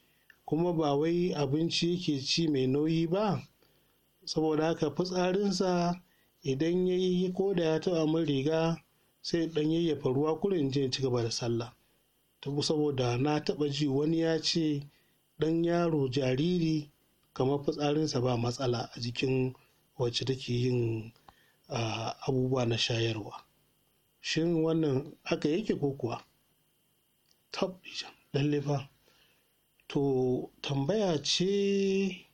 Speaker 6: kuma ba wai abinci yake ci mai nauyi ba saboda haka fitsarinsa idan ya yi ko da ya taɓa min riga sai ɗan yayyafa ruwa kurin je ci gaba da sallah saboda na taɓa ji wani ya ce ɗan yaro jariri kamar fitsarinsa ba matsala a jikin wacce take yin ah, abubuwa na shayarwa shin wannan haka yake ko kuwa tab lalle fa to tambaya ce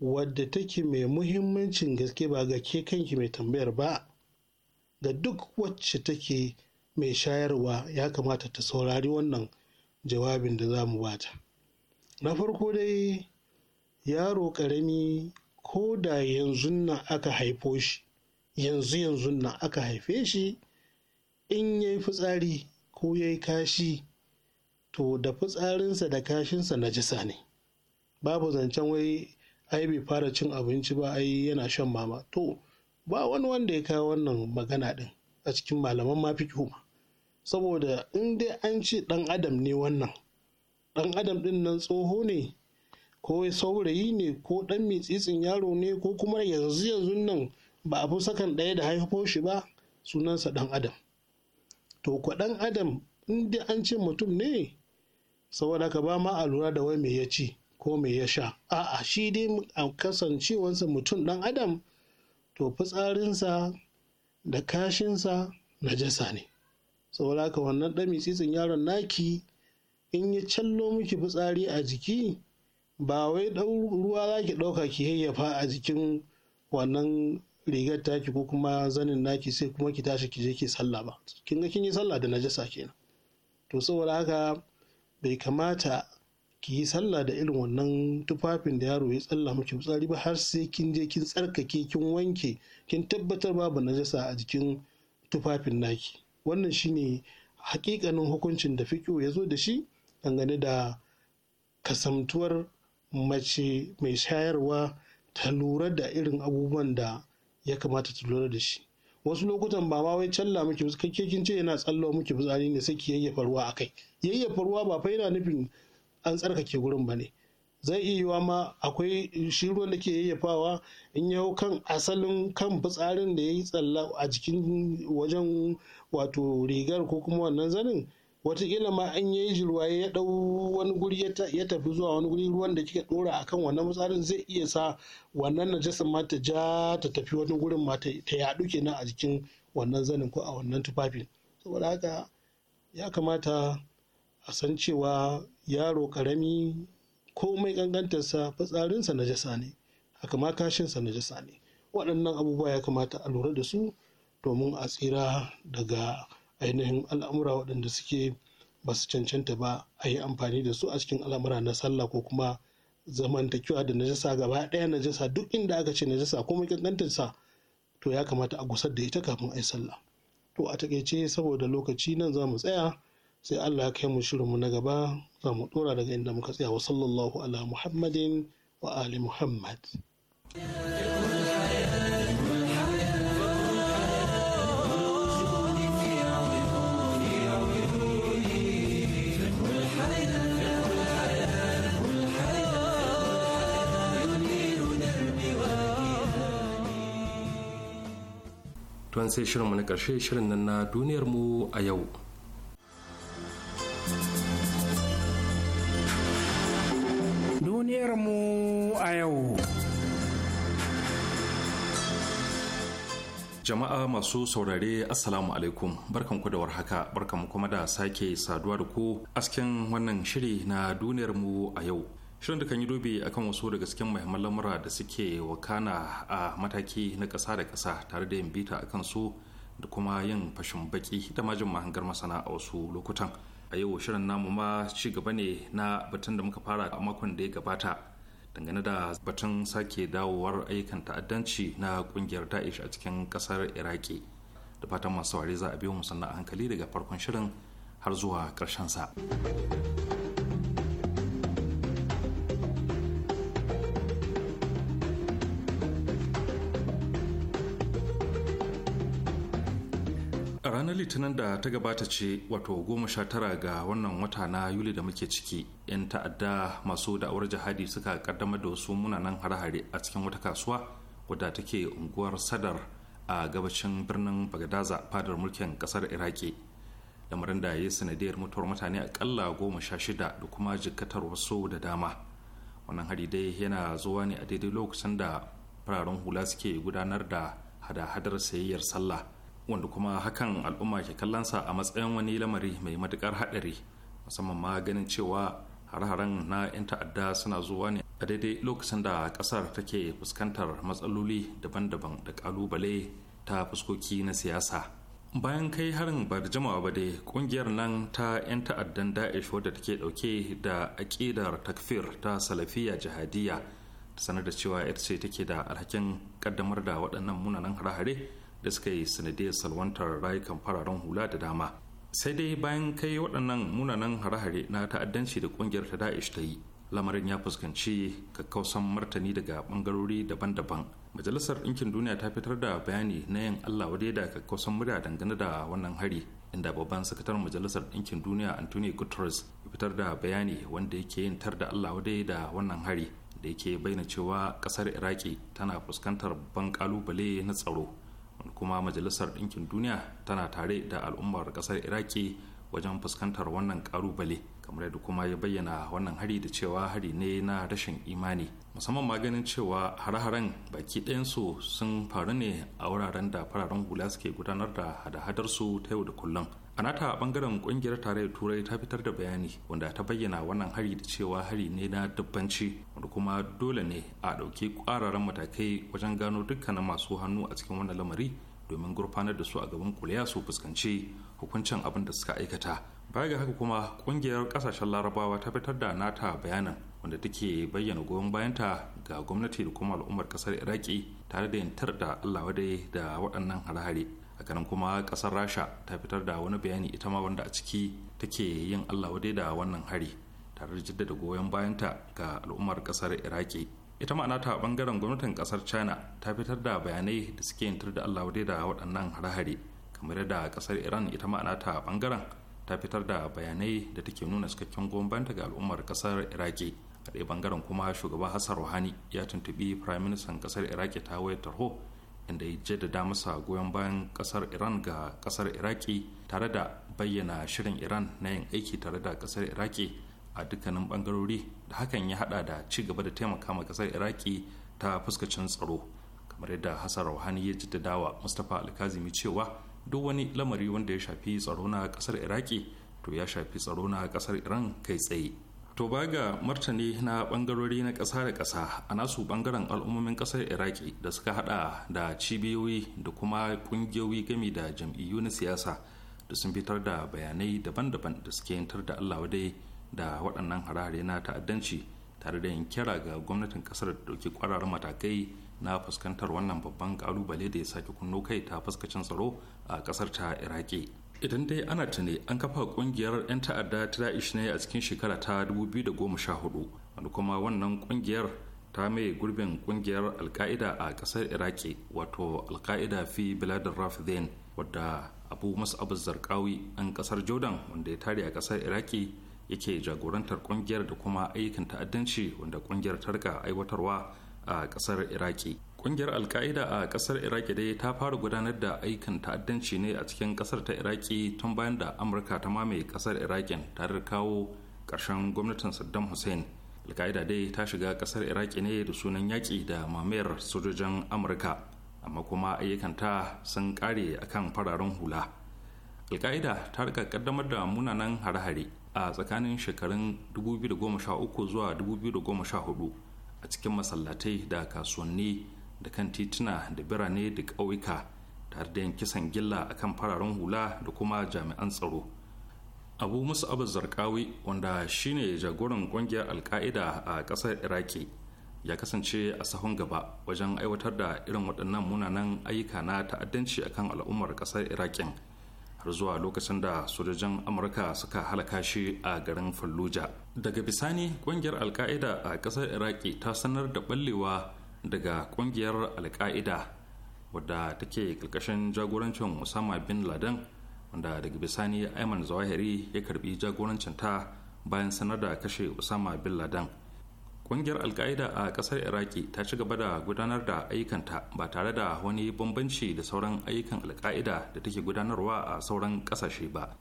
Speaker 6: wadda take mai muhimmancin gaske ba ga ke kanki mai tambayar ba ga duk wacce take mai shayarwa ya kamata ta saurari wannan jawabin da za mu bata na farko dai yaro ƙarami ko da yanzun nan aka haifo shi yanzu yanzun nan aka haife shi in ya yi fitsari ko ya yi kashi to da fitsarinsa da kashinsa na jisa ne babu zancen wai ai bai fara cin abinci ba ai yana shan mama to ba wani wanda ya kawo wannan magana din a cikin malaman mafi ma saboda in dai an ce dan adam ne wannan dan adam din nan tsoho ne ko saurayi ne ko dan mitsitsin yaro ne ko kuma yanzu yanzu nan ba a fi sakan ɗaya da haifo shi ba sunansa dan adam to kwaɗan adam in dai an ce mutum ne saboda ka ba ma a lura da wai me ya ci ko mai ya sha a'a shi dai a kasancewarsa mutum ɗan adam to fitsarinsa da kashinsa na najasa ne saboda ka wannan ɗami tsitsin yaron naki in ya callo miki fitsari a jiki ba wai ruwa za ki ɗauka ki yayyafa a jikin wannan rigar taki ko kuma zanin naki sai kuma ki tashi ki je ki sallah ba kin ga kin yi sallah da najasa kenan to saboda haka bai kamata ki yi sallah da irin wannan tufafin da yaro ya tsalla miki fitsari ba har sai kin je kin tsarkake kin wanke kin tabbatar babu najasa a jikin tufafin naki wannan shine hakikanin hukuncin da fiƙo ya zo da shi dangane da kasamtuwar mace mai shayarwa ta lura da irin abubuwan da ya kamata ta lura da shi wasu lokutan ba ma wai challa miki kakke kin ce yana tsallawa miki fitsari ne sai ki yayyafa ruwa akai yayyafa ruwa ba fa yana nufin an tsarkake gurin ba ne zai iya yiwa ma akwai shi ruwan da ke yayyafawa in ya hau kan asalin kan fitsarin da ya tsalla a jikin wajen wato rigar ko kuma wannan zanin watakila ma an yi jirwaye ya ɗau wani guri ya tafi zuwa wani guri ruwan da kika dora akan wannan mutsarin zai iya sa wannan najasar ma ta ja ta tafi wani gurin ma ta yaɗu kenan a jikin wannan zanin ko a wannan tufafin saboda haka ya kamata a san cewa yaro karami komai ƙanƙantarsa fitsarinsa jasa ne haka ma kashinsa jasa ne waɗannan abubuwa ya kamata a lura da su domin a tsira daga ainihin al'amura waɗanda suke ba su cancanta ba a yi amfani da su a cikin al'amura na sallah ko kuma zamantakewa da najasa gaba ɗaya najasa duk inda aka ce najasa ko makankantarsa to ya kamata a gusar da ita kafin a yi sallah to a takaice saboda lokaci nan za mu tsaya sai Allah ya kai mu shirin mu na gaba za mu dora daga inda muka tsaya wa sallallahu ala muhammadin wa ali muhammad
Speaker 1: tuwan sai shirinmu na ƙarshe shirin nan na duniyarmu a yau
Speaker 5: duniyarmu
Speaker 6: a yau
Speaker 1: jama'a masu saurare assalamu alaikum barkanku da warhaka barkanku kuma da sake saduwa da ku asken wannan shiri na duniyarmu a yau shirin da kan yi dubi akan wasu daga cikin muhimman lamura da suke wakana a mataki na ƙasa da kasa tare da yin bita akan su da kuma yin fashin baki da majin mahangar masana a wasu lokutan a yau shirin namu ma ci gaba ne na batun da muka fara a makon da ya gabata dangane da batun sake dawowar ayyukan ta'addanci na kungiyar da'ish a cikin kasar iraki da fatan masu saurari za a biyo musanna a hankali daga farkon shirin har zuwa karshen sa ranar litinin da ta gabata ce wato goma sha tara ga wannan wata na yuli da muke ciki 'yan ta'adda masu da'awar jihadi suka kaddamar da wasu munanan hare-hare a cikin wata kasuwa wadda take unguwar sadar a gabashin birnin bagadaza fadar mulkin kasar iraki lamarin da ya sanadiyar mutuwar mutane akalla goma sha shida da kuma jikatar wasu da dama wannan hari dai yana zuwa ne a daidai lokacin da fararen hula suke gudanar da hada-hadar sayayyar sallah wanda kuma hakan al'umma ke kallonsa a matsayin wani lamari mai matukar haɗari musamman ma ganin cewa har-haren na 'yan ta'adda suna zuwa ne a daidai lokacin da ƙasar take fuskantar matsaloli daban-daban da ƙalubale ta fuskoki na siyasa bayan kai harin ba da jama'a ba dai kungiyar nan ta 'yan ta'addan da'ish wadda take dauke da aƙidar takfir ta salafiya jihadiyya sanar da cewa ita ce take da alhakin kaddamar da waɗannan munanan hare-hare da suka yi sanadiyar salwantar rayukan fararen hula da dama sai dai bayan kai waɗannan munanan hare-hare na ta'addanci da ƙungiyar ta da'ish ta yi lamarin ya fuskanci kakkausan martani daga ɓangarori daban-daban majalisar ɗinkin duniya ta fitar da bayani na yin allah wadai da kakkausan murya dangane da wannan hari inda babban sakataren majalisar ɗinkin duniya anthony guterres ya fitar da bayani wanda yake yin tar da allah wadai da wannan hari da yake bayyana cewa ƙasar iraki tana fuskantar babban ƙalubale na tsaro kuma majalisar ɗinkin duniya tana tare da al'ummar ƙasar iraki wajen fuskantar wannan ƙalubale kamar yadda kuma ya bayyana wannan hari da cewa hari ne na rashin imani musamman maganin cewa hare-haren baki ɗayansu sun faru ne a wuraren da fararen hula suke gudanar da hada-hadarsu ta yau da kullum a nata bangaren kungiyar tarayyar turai ta fitar da bayani wanda ta bayyana wannan hari da cewa hari ne na dabbanci wanda kuma dole ne a ɗauki ƙwararren matakai wajen gano dukkanin masu hannu a cikin wannan lamari domin gurfanar da su a gaban kuliya su fuskanci hukuncin abin da suka aikata baya ga haka kuma kungiyar kasashen larabawa ta fitar da nata bayanin wanda take bayyana goyon bayanta ga gwamnati da kuma al'ummar kasar iraki tare da yantar da allah wadai da waɗannan hare-hare hakanan kuma kasar rasha ta fitar da wani bayani ita ma wanda a ciki take yin allah wadai da wannan hari tare da jaddada goyon bayanta ga al'ummar kasar iraki ita ma'ana ta bangaren gwamnatin kasar china ta fitar da bayanai da suke yantar da allah wadai da waɗannan hare-hare kamar yadda kasar iran ita ma'ana ta bangaren ta fitar da bayanai da take nuna cikakken goyon bayanta ga al'ummar kasar iraki a ɗaya bangaren kuma shugaban hassan ruhani ya tuntubi firayim ministan kasar iraki ta wayar tarho inda ya jaddada masa goyon bayan kasar iran ga kasar iraki tare da bayyana shirin iran na yin aiki tare da kasar iraki a dukkanin bangarori da hakan ya hada da ci gaba da taimaka ma kasar iraki ta fuskacin tsaro kamar yadda hassan rauhani ya jaddada wa mustapha alkazimi cewa duk wani lamari wanda ya shafi tsaro na kasar iraki to ya shafi tsaro na kasar iran kai tsaye to ba ga martani na bangarori na ƙasa da ƙasa a nasu bangaren al'ummomin ƙasar iraki da suka hada da cibiyoyi da kuma ƙungiyoyi gami da jam'iyyu na siyasa da sun fitar da bayanai daban-daban da suke yantar da allah wadai da waɗannan harare na ta'addanci tare da yin kira ga gwamnatin ƙasar da ɗauki ƙwararren matakai na fuskantar wannan babban ƙalubale da ya sake kunno kai ta fuskacin tsaro a ƙasar ta iraki idan dai ana tuni an kafa kungiyar 'yan ta'adda ta da'ish ne a cikin shekara ta 2014 wani kuma wannan kungiyar ta mai gurbin kungiyar alka'ida a kasar iraki wato alka'ida fi biladar rafidin wadda abu abu zarkawi an kasar jordan wanda ya tare a kasar iraki yake jagorantar kungiyar da kuma ayyukan ta'addanci wanda kungiyar ta rika aiwatarwa a kasar iraki kungiyar alka'ida a kasar iraki dai ta fara gudanar da aikin ta'addanci ne a cikin kasar ta iraki tun bayan da amurka ta mamaye kasar irakin tare da kawo ƙarshen gwamnatin saddam hussein alka'ida dai ta shiga kasar iraki ne da sunan yaƙi da mamayar sojojin amurka amma kuma ayyukanta sun kare akan fararen hula alka'ida ta rika kaddamar da munanan hare-hare a tsakanin shekarun 2013 zuwa 2014 a cikin masallatai da kasuwanni da kan tituna da birane da ƙauyuka tare da yin kisan gilla akan fararen hula da kuma jami'an tsaro abu musu abu zarkawi wanda shine jagoran ƙungiyar alka'ida a ƙasar iraki ya kasance a sahun gaba wajen aiwatar da irin waɗannan munanan ayyuka na ta'addanci akan al'ummar ƙasar iraƙin har zuwa lokacin da sojojin amurka suka halaka shi a garin fallujah daga bisani ƙungiyar alka'ida a ƙasar iraki ta sanar da ɓallewa daga kungiyar alka'ida wadda take karkashin jagorancin usama bin laden wanda daga bisani ayman zawahiri ya karbi jagorancin ta bayan sanar da kashe usama bin laden kungiyar alka'ida a kasar iraki ta ci gaba da gudanar da ayyukanta ba tare da wani bambanci da sauran ayyukan alka'ida da take gudanarwa a sauran kasashe ba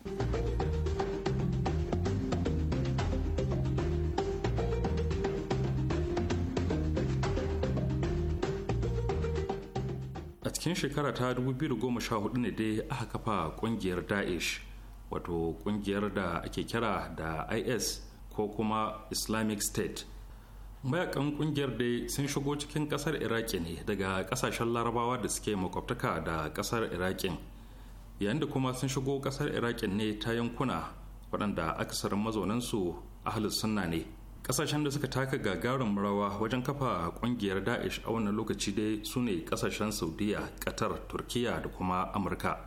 Speaker 1: cikin shekara ta 2014 ne dai aka kafa kungiyar daesh wato kungiyar da ake kira da is ko kuma islamic state mayakan kungiyar dai sun shigo cikin kasar iraki ne daga kasashen larabawa da suke makwabtaka da kasar iraki yayin da kuma sun shigo kasar iraki ne ta yankuna waɗanda akasarin mazaunansu ahalus sunna ne kasashen da suka taka gagarin rawa wajen kafa kungiyar daesh a wannan lokaci dai su ne kasashen saudiya qatar turkiya da kuma amurka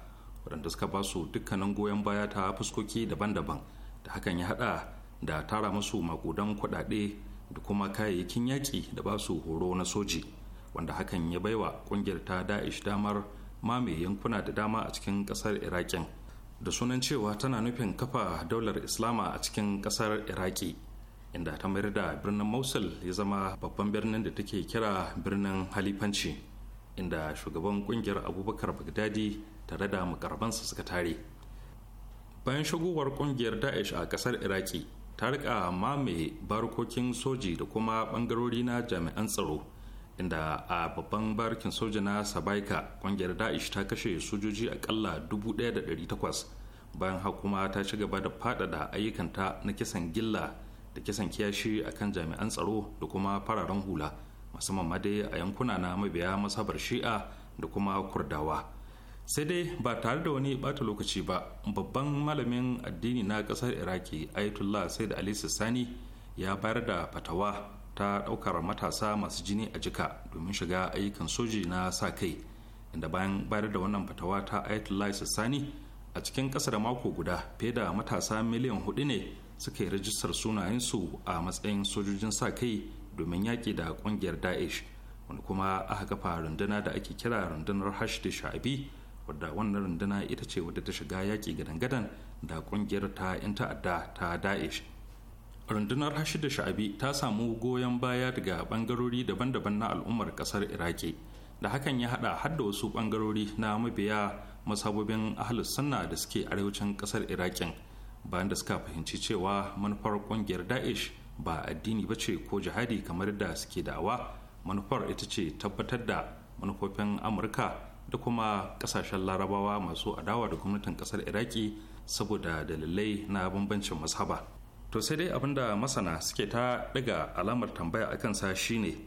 Speaker 1: waɗanda suka ba su dukkanin goyon baya ta fuskoki daban-daban da hakan ya haɗa da tara musu makudan kuɗaɗe da kuma kayayyakin yaƙi da ba su horo na soji wanda hakan ya baiwa kungiyar ta daesh damar mame yankuna da dama a cikin ƙasar iraƙin da sunan cewa tana nufin kafa daular islama a cikin ƙasar iraki inda ta mayar da birnin mosul ya zama babban birnin da take kira birnin halifanci inda shugaban kungiyar abubakar bagdadi tare da makarabansa suka tare bayan shigowar kungiyar daesh a kasar iraki ta rika mamaye barkokin soji da kuma bangarori na jami'an tsaro inda a babban barikin soja na sabaika kungiyar daesh ta kashe sojoji akalla 1800 bayan hakuma ta ci gaba da faɗaɗa ayyukanta na kisan gilla da kisan kiyashi a kan jami'an tsaro da kuma fararen hula musamman ma dai a yankuna na mabiya masabar shi'a da kuma kurdawa sai dai ba tare da wani bata lokaci ba babban malamin addini na kasar iraki ayatollah said ali sani ya bayar da fatawa ta daukar matasa masu jini a jika domin shiga ayyukan soji na sa kai inda bayan bayar da wannan fatawa ta ayatollah sani a cikin kasa da mako guda fiye da matasa miliyan hudu ne suka yi rajistar sunayensu a matsayin sojojin sa kai domin yaƙi da ƙungiyar daesh wani kuma aka kafa runduna da ake kira rundunar da sha'abi wadda wannan runduna ita ce wadda ta shiga yaƙi gadan-gadan da ƙungiyar ta 'yan ta'adda ta daesh rundunar Hashi da sha'abi ta samu goyon baya daga ɓangarori daban-daban na al'ummar ƙasar iraki da hakan ya haɗa, har da wasu ɓangarori na mabiya masababin ahlus sunna da suke arewacin ƙasar irakin bayan da suka fahimci cewa manufar kungiyar daesh ba addini ba ce ko jihadi kamar da suke da'awa manufar ita ce tabbatar da manufofin amurka da kuma kasashen larabawa masu adawa da gwamnatin kasar iraki saboda dalilai na bambancin mashaba to sai dai abinda masana suke ta daga alamar tambaya kan sa shine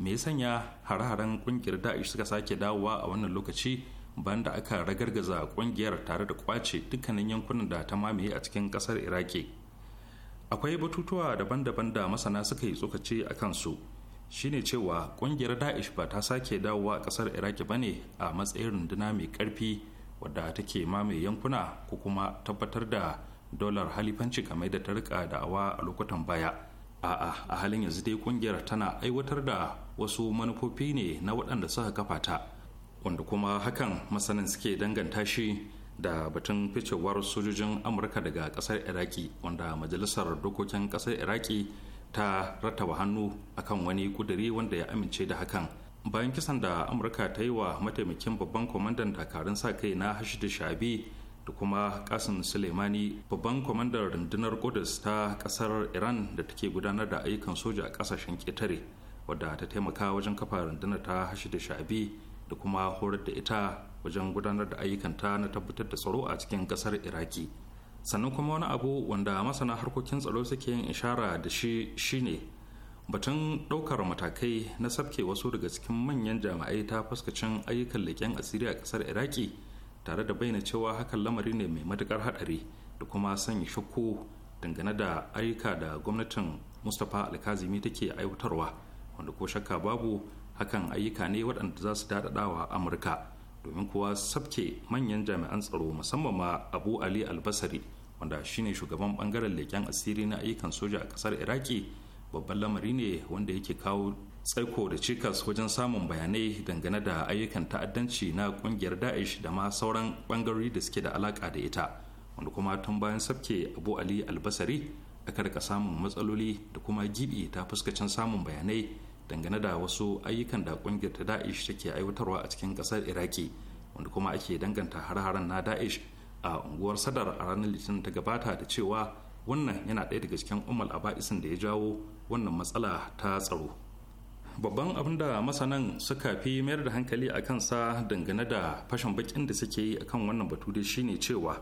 Speaker 1: me ya sanya hare-haren kungiyar daesh suka sake dawowa a wannan lokaci bayan da aka ragargaza kungiyar tare da kwace dukkanin yankunan da ta mamaye a cikin kasar iraki akwai batutuwa daban-daban da masana suka yi tsokaci a kansu shine cewa kungiyar daesh ba ta sake dawowa a kasar iraki ba ne a matsayin runduna mai karfi wadda take mamaye yankuna ko kuma tabbatar da dolar halifanci kamar da ta rika da'awa a lokutan baya a'a a halin yanzu dai kungiyar tana aiwatar da wasu manufofi ne na waɗanda suka kafa ta wanda kuma hakan masanin suke danganta shi da batun ficewar sojojin amurka daga kasar iraki wanda majalisar dokokin kasar iraki ta rattaba hannu akan wani kuduri wanda ya amince da hakan bayan kisan da amurka ta yi wa mataimakin babban kwamandan dakarun sa kai na da shabi da kuma kasim suleimani babban kwamandan rundunar kudus ta kasar iran da take gudanar da ayyukan soja a kasashen ketare wadda ta taimaka wajen kafa rundunar ta da shabi da kuma horar da ita wajen gudanar da ayyukanta na tabbatar da tsaro a cikin kasar iraki sannan kuma wani abu wanda masana harkokin tsaro suke yin ishara da shi shine batun ɗaukar matakai na sabke wasu daga cikin manyan jami'ai ta fuskacin ayyukan leƙen asiri a ƙasar iraki tare da bayyana cewa hakan lamari ne mai matuƙar haɗari da kuma sanya shakku dangane da ayyuka da gwamnatin mustapha alkazimi take aiwatarwa wanda ko shakka babu hakan ayyuka ne waɗanda za su daɗaɗawa amurka domin kuwa sabke manyan jami'an tsaro musamman ma abu ali albasari wanda shine shugaban bangaren leƙen asiri na ayyukan soja a ƙasar iraki babban lamari ne wanda yake kawo tsaiko da cikas wajen samun bayanai dangane da ayyukan ta'addanci na kungiyar da'ish da ma sauran bangarori da suke da alaka da ita wanda kuma tun bayan sabke abu ali albasari aka rika samun matsaloli da kuma gibi ta fuskacin samun bayanai dangane da wasu ayyukan da kungiyar ta da'ish take aiwatarwa a cikin kasar iraki wanda kuma ake danganta har-haren na da'ish a unguwar sadar a ranar litinin ta gabata da cewa wannan yana ɗaya daga cikin umar aba'isin da ya jawo wannan matsala ta tsaro babban abin da masanan suka fi mayar da hankali a kansa dangane da fashin bakin da suke yi akan wannan batu dai shine cewa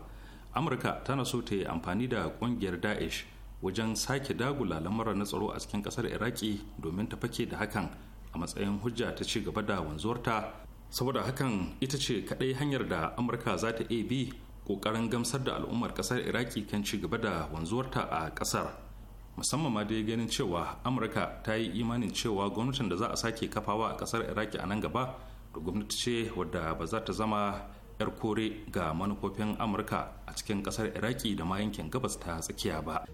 Speaker 1: amurka tana so ta yi amfani da kungiyar da'ish wajen sake dagula lamura na tsaro a cikin kasar iraki domin ta fake da hakan a matsayin hujja ta ci gaba da wanzuwarta saboda hakan ita ce kadai hanyar da amurka za ta iya bi kokarin gamsar da al'ummar kasar iraki kan ci gaba da wanzuwarta a kasar musamman ma dai ganin cewa amurka ta yi imanin cewa gwamnatin da za a sake kafawa a kasar iraki a nan gaba da gwamnati ce wadda ba za ta zama yar kore ga manufofin amurka a cikin kasar iraki da ma yankin gabas ta tsakiya ba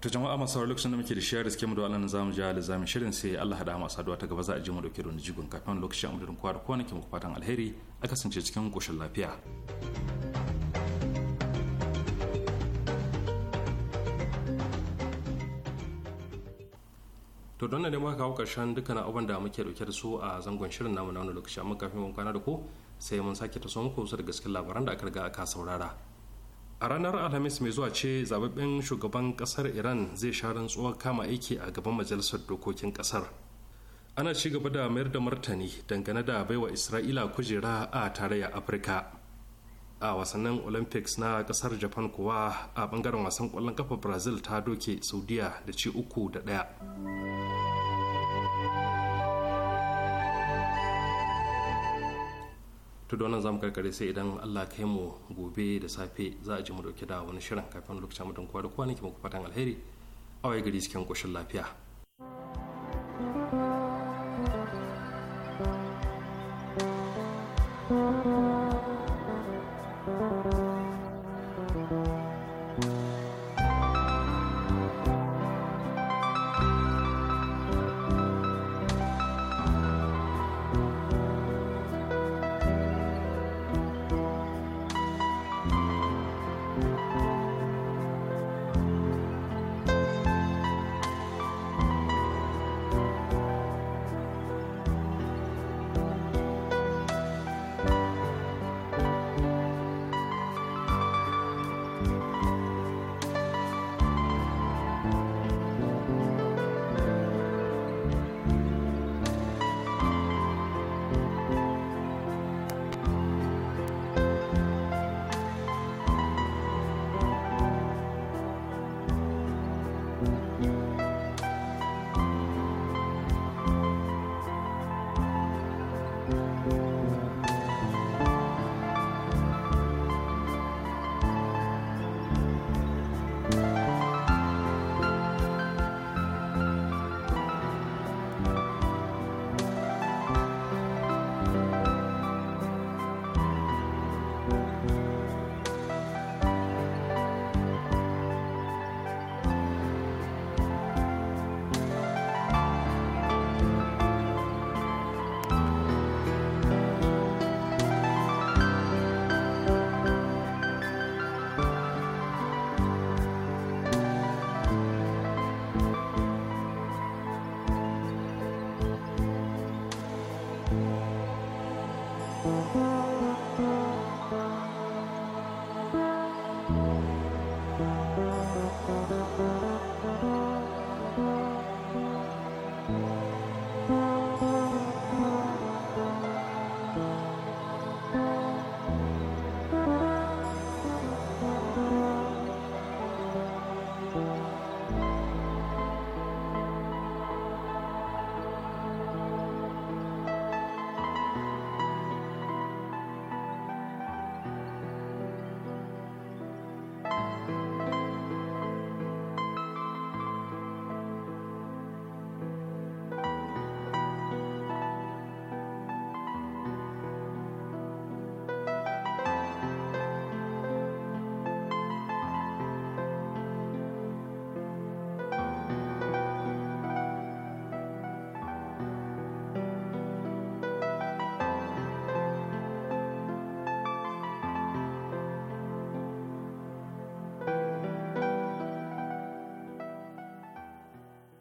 Speaker 1: to jama'a masu sauran lokacin da muke da shi da suke mu da wannan zamu ji da zamu shirin sai Allah hada masu saduwa ta gaba za a ji mu dauke da jigon kafin lokacin kwara kwa da ke ku fatan alheri a kasance cikin koshin lafiya. to don ne muka kawo karshen dukkan abin da muke dauke da su a zangon shirin namu na wani lokaci amma kafin mun kwana da ku sai mun sake ta muku su da gaske labaran da aka riga aka saurara a ranar alhamis mai zuwa ce zababben shugaban kasar iran zai sha rantsuwar kama aiki a gaban majalisar dokokin kasar ana ci gaba da mayar da martani dangane da baiwa isra'ila kujera a tarayyar afirka a wasannin olympics na kasar japan kuwa a bangaren wasan kwallon kafa brazil ta doke saudiya da ci uku da daya tudu wannan zamu karkare sai idan Allah kai mu gobe da safe za a ji mu dauke da wani shirin kafin lokacin mutum kwa da kowa nake muku fatan alheri a waye gari cikin koshin lafiya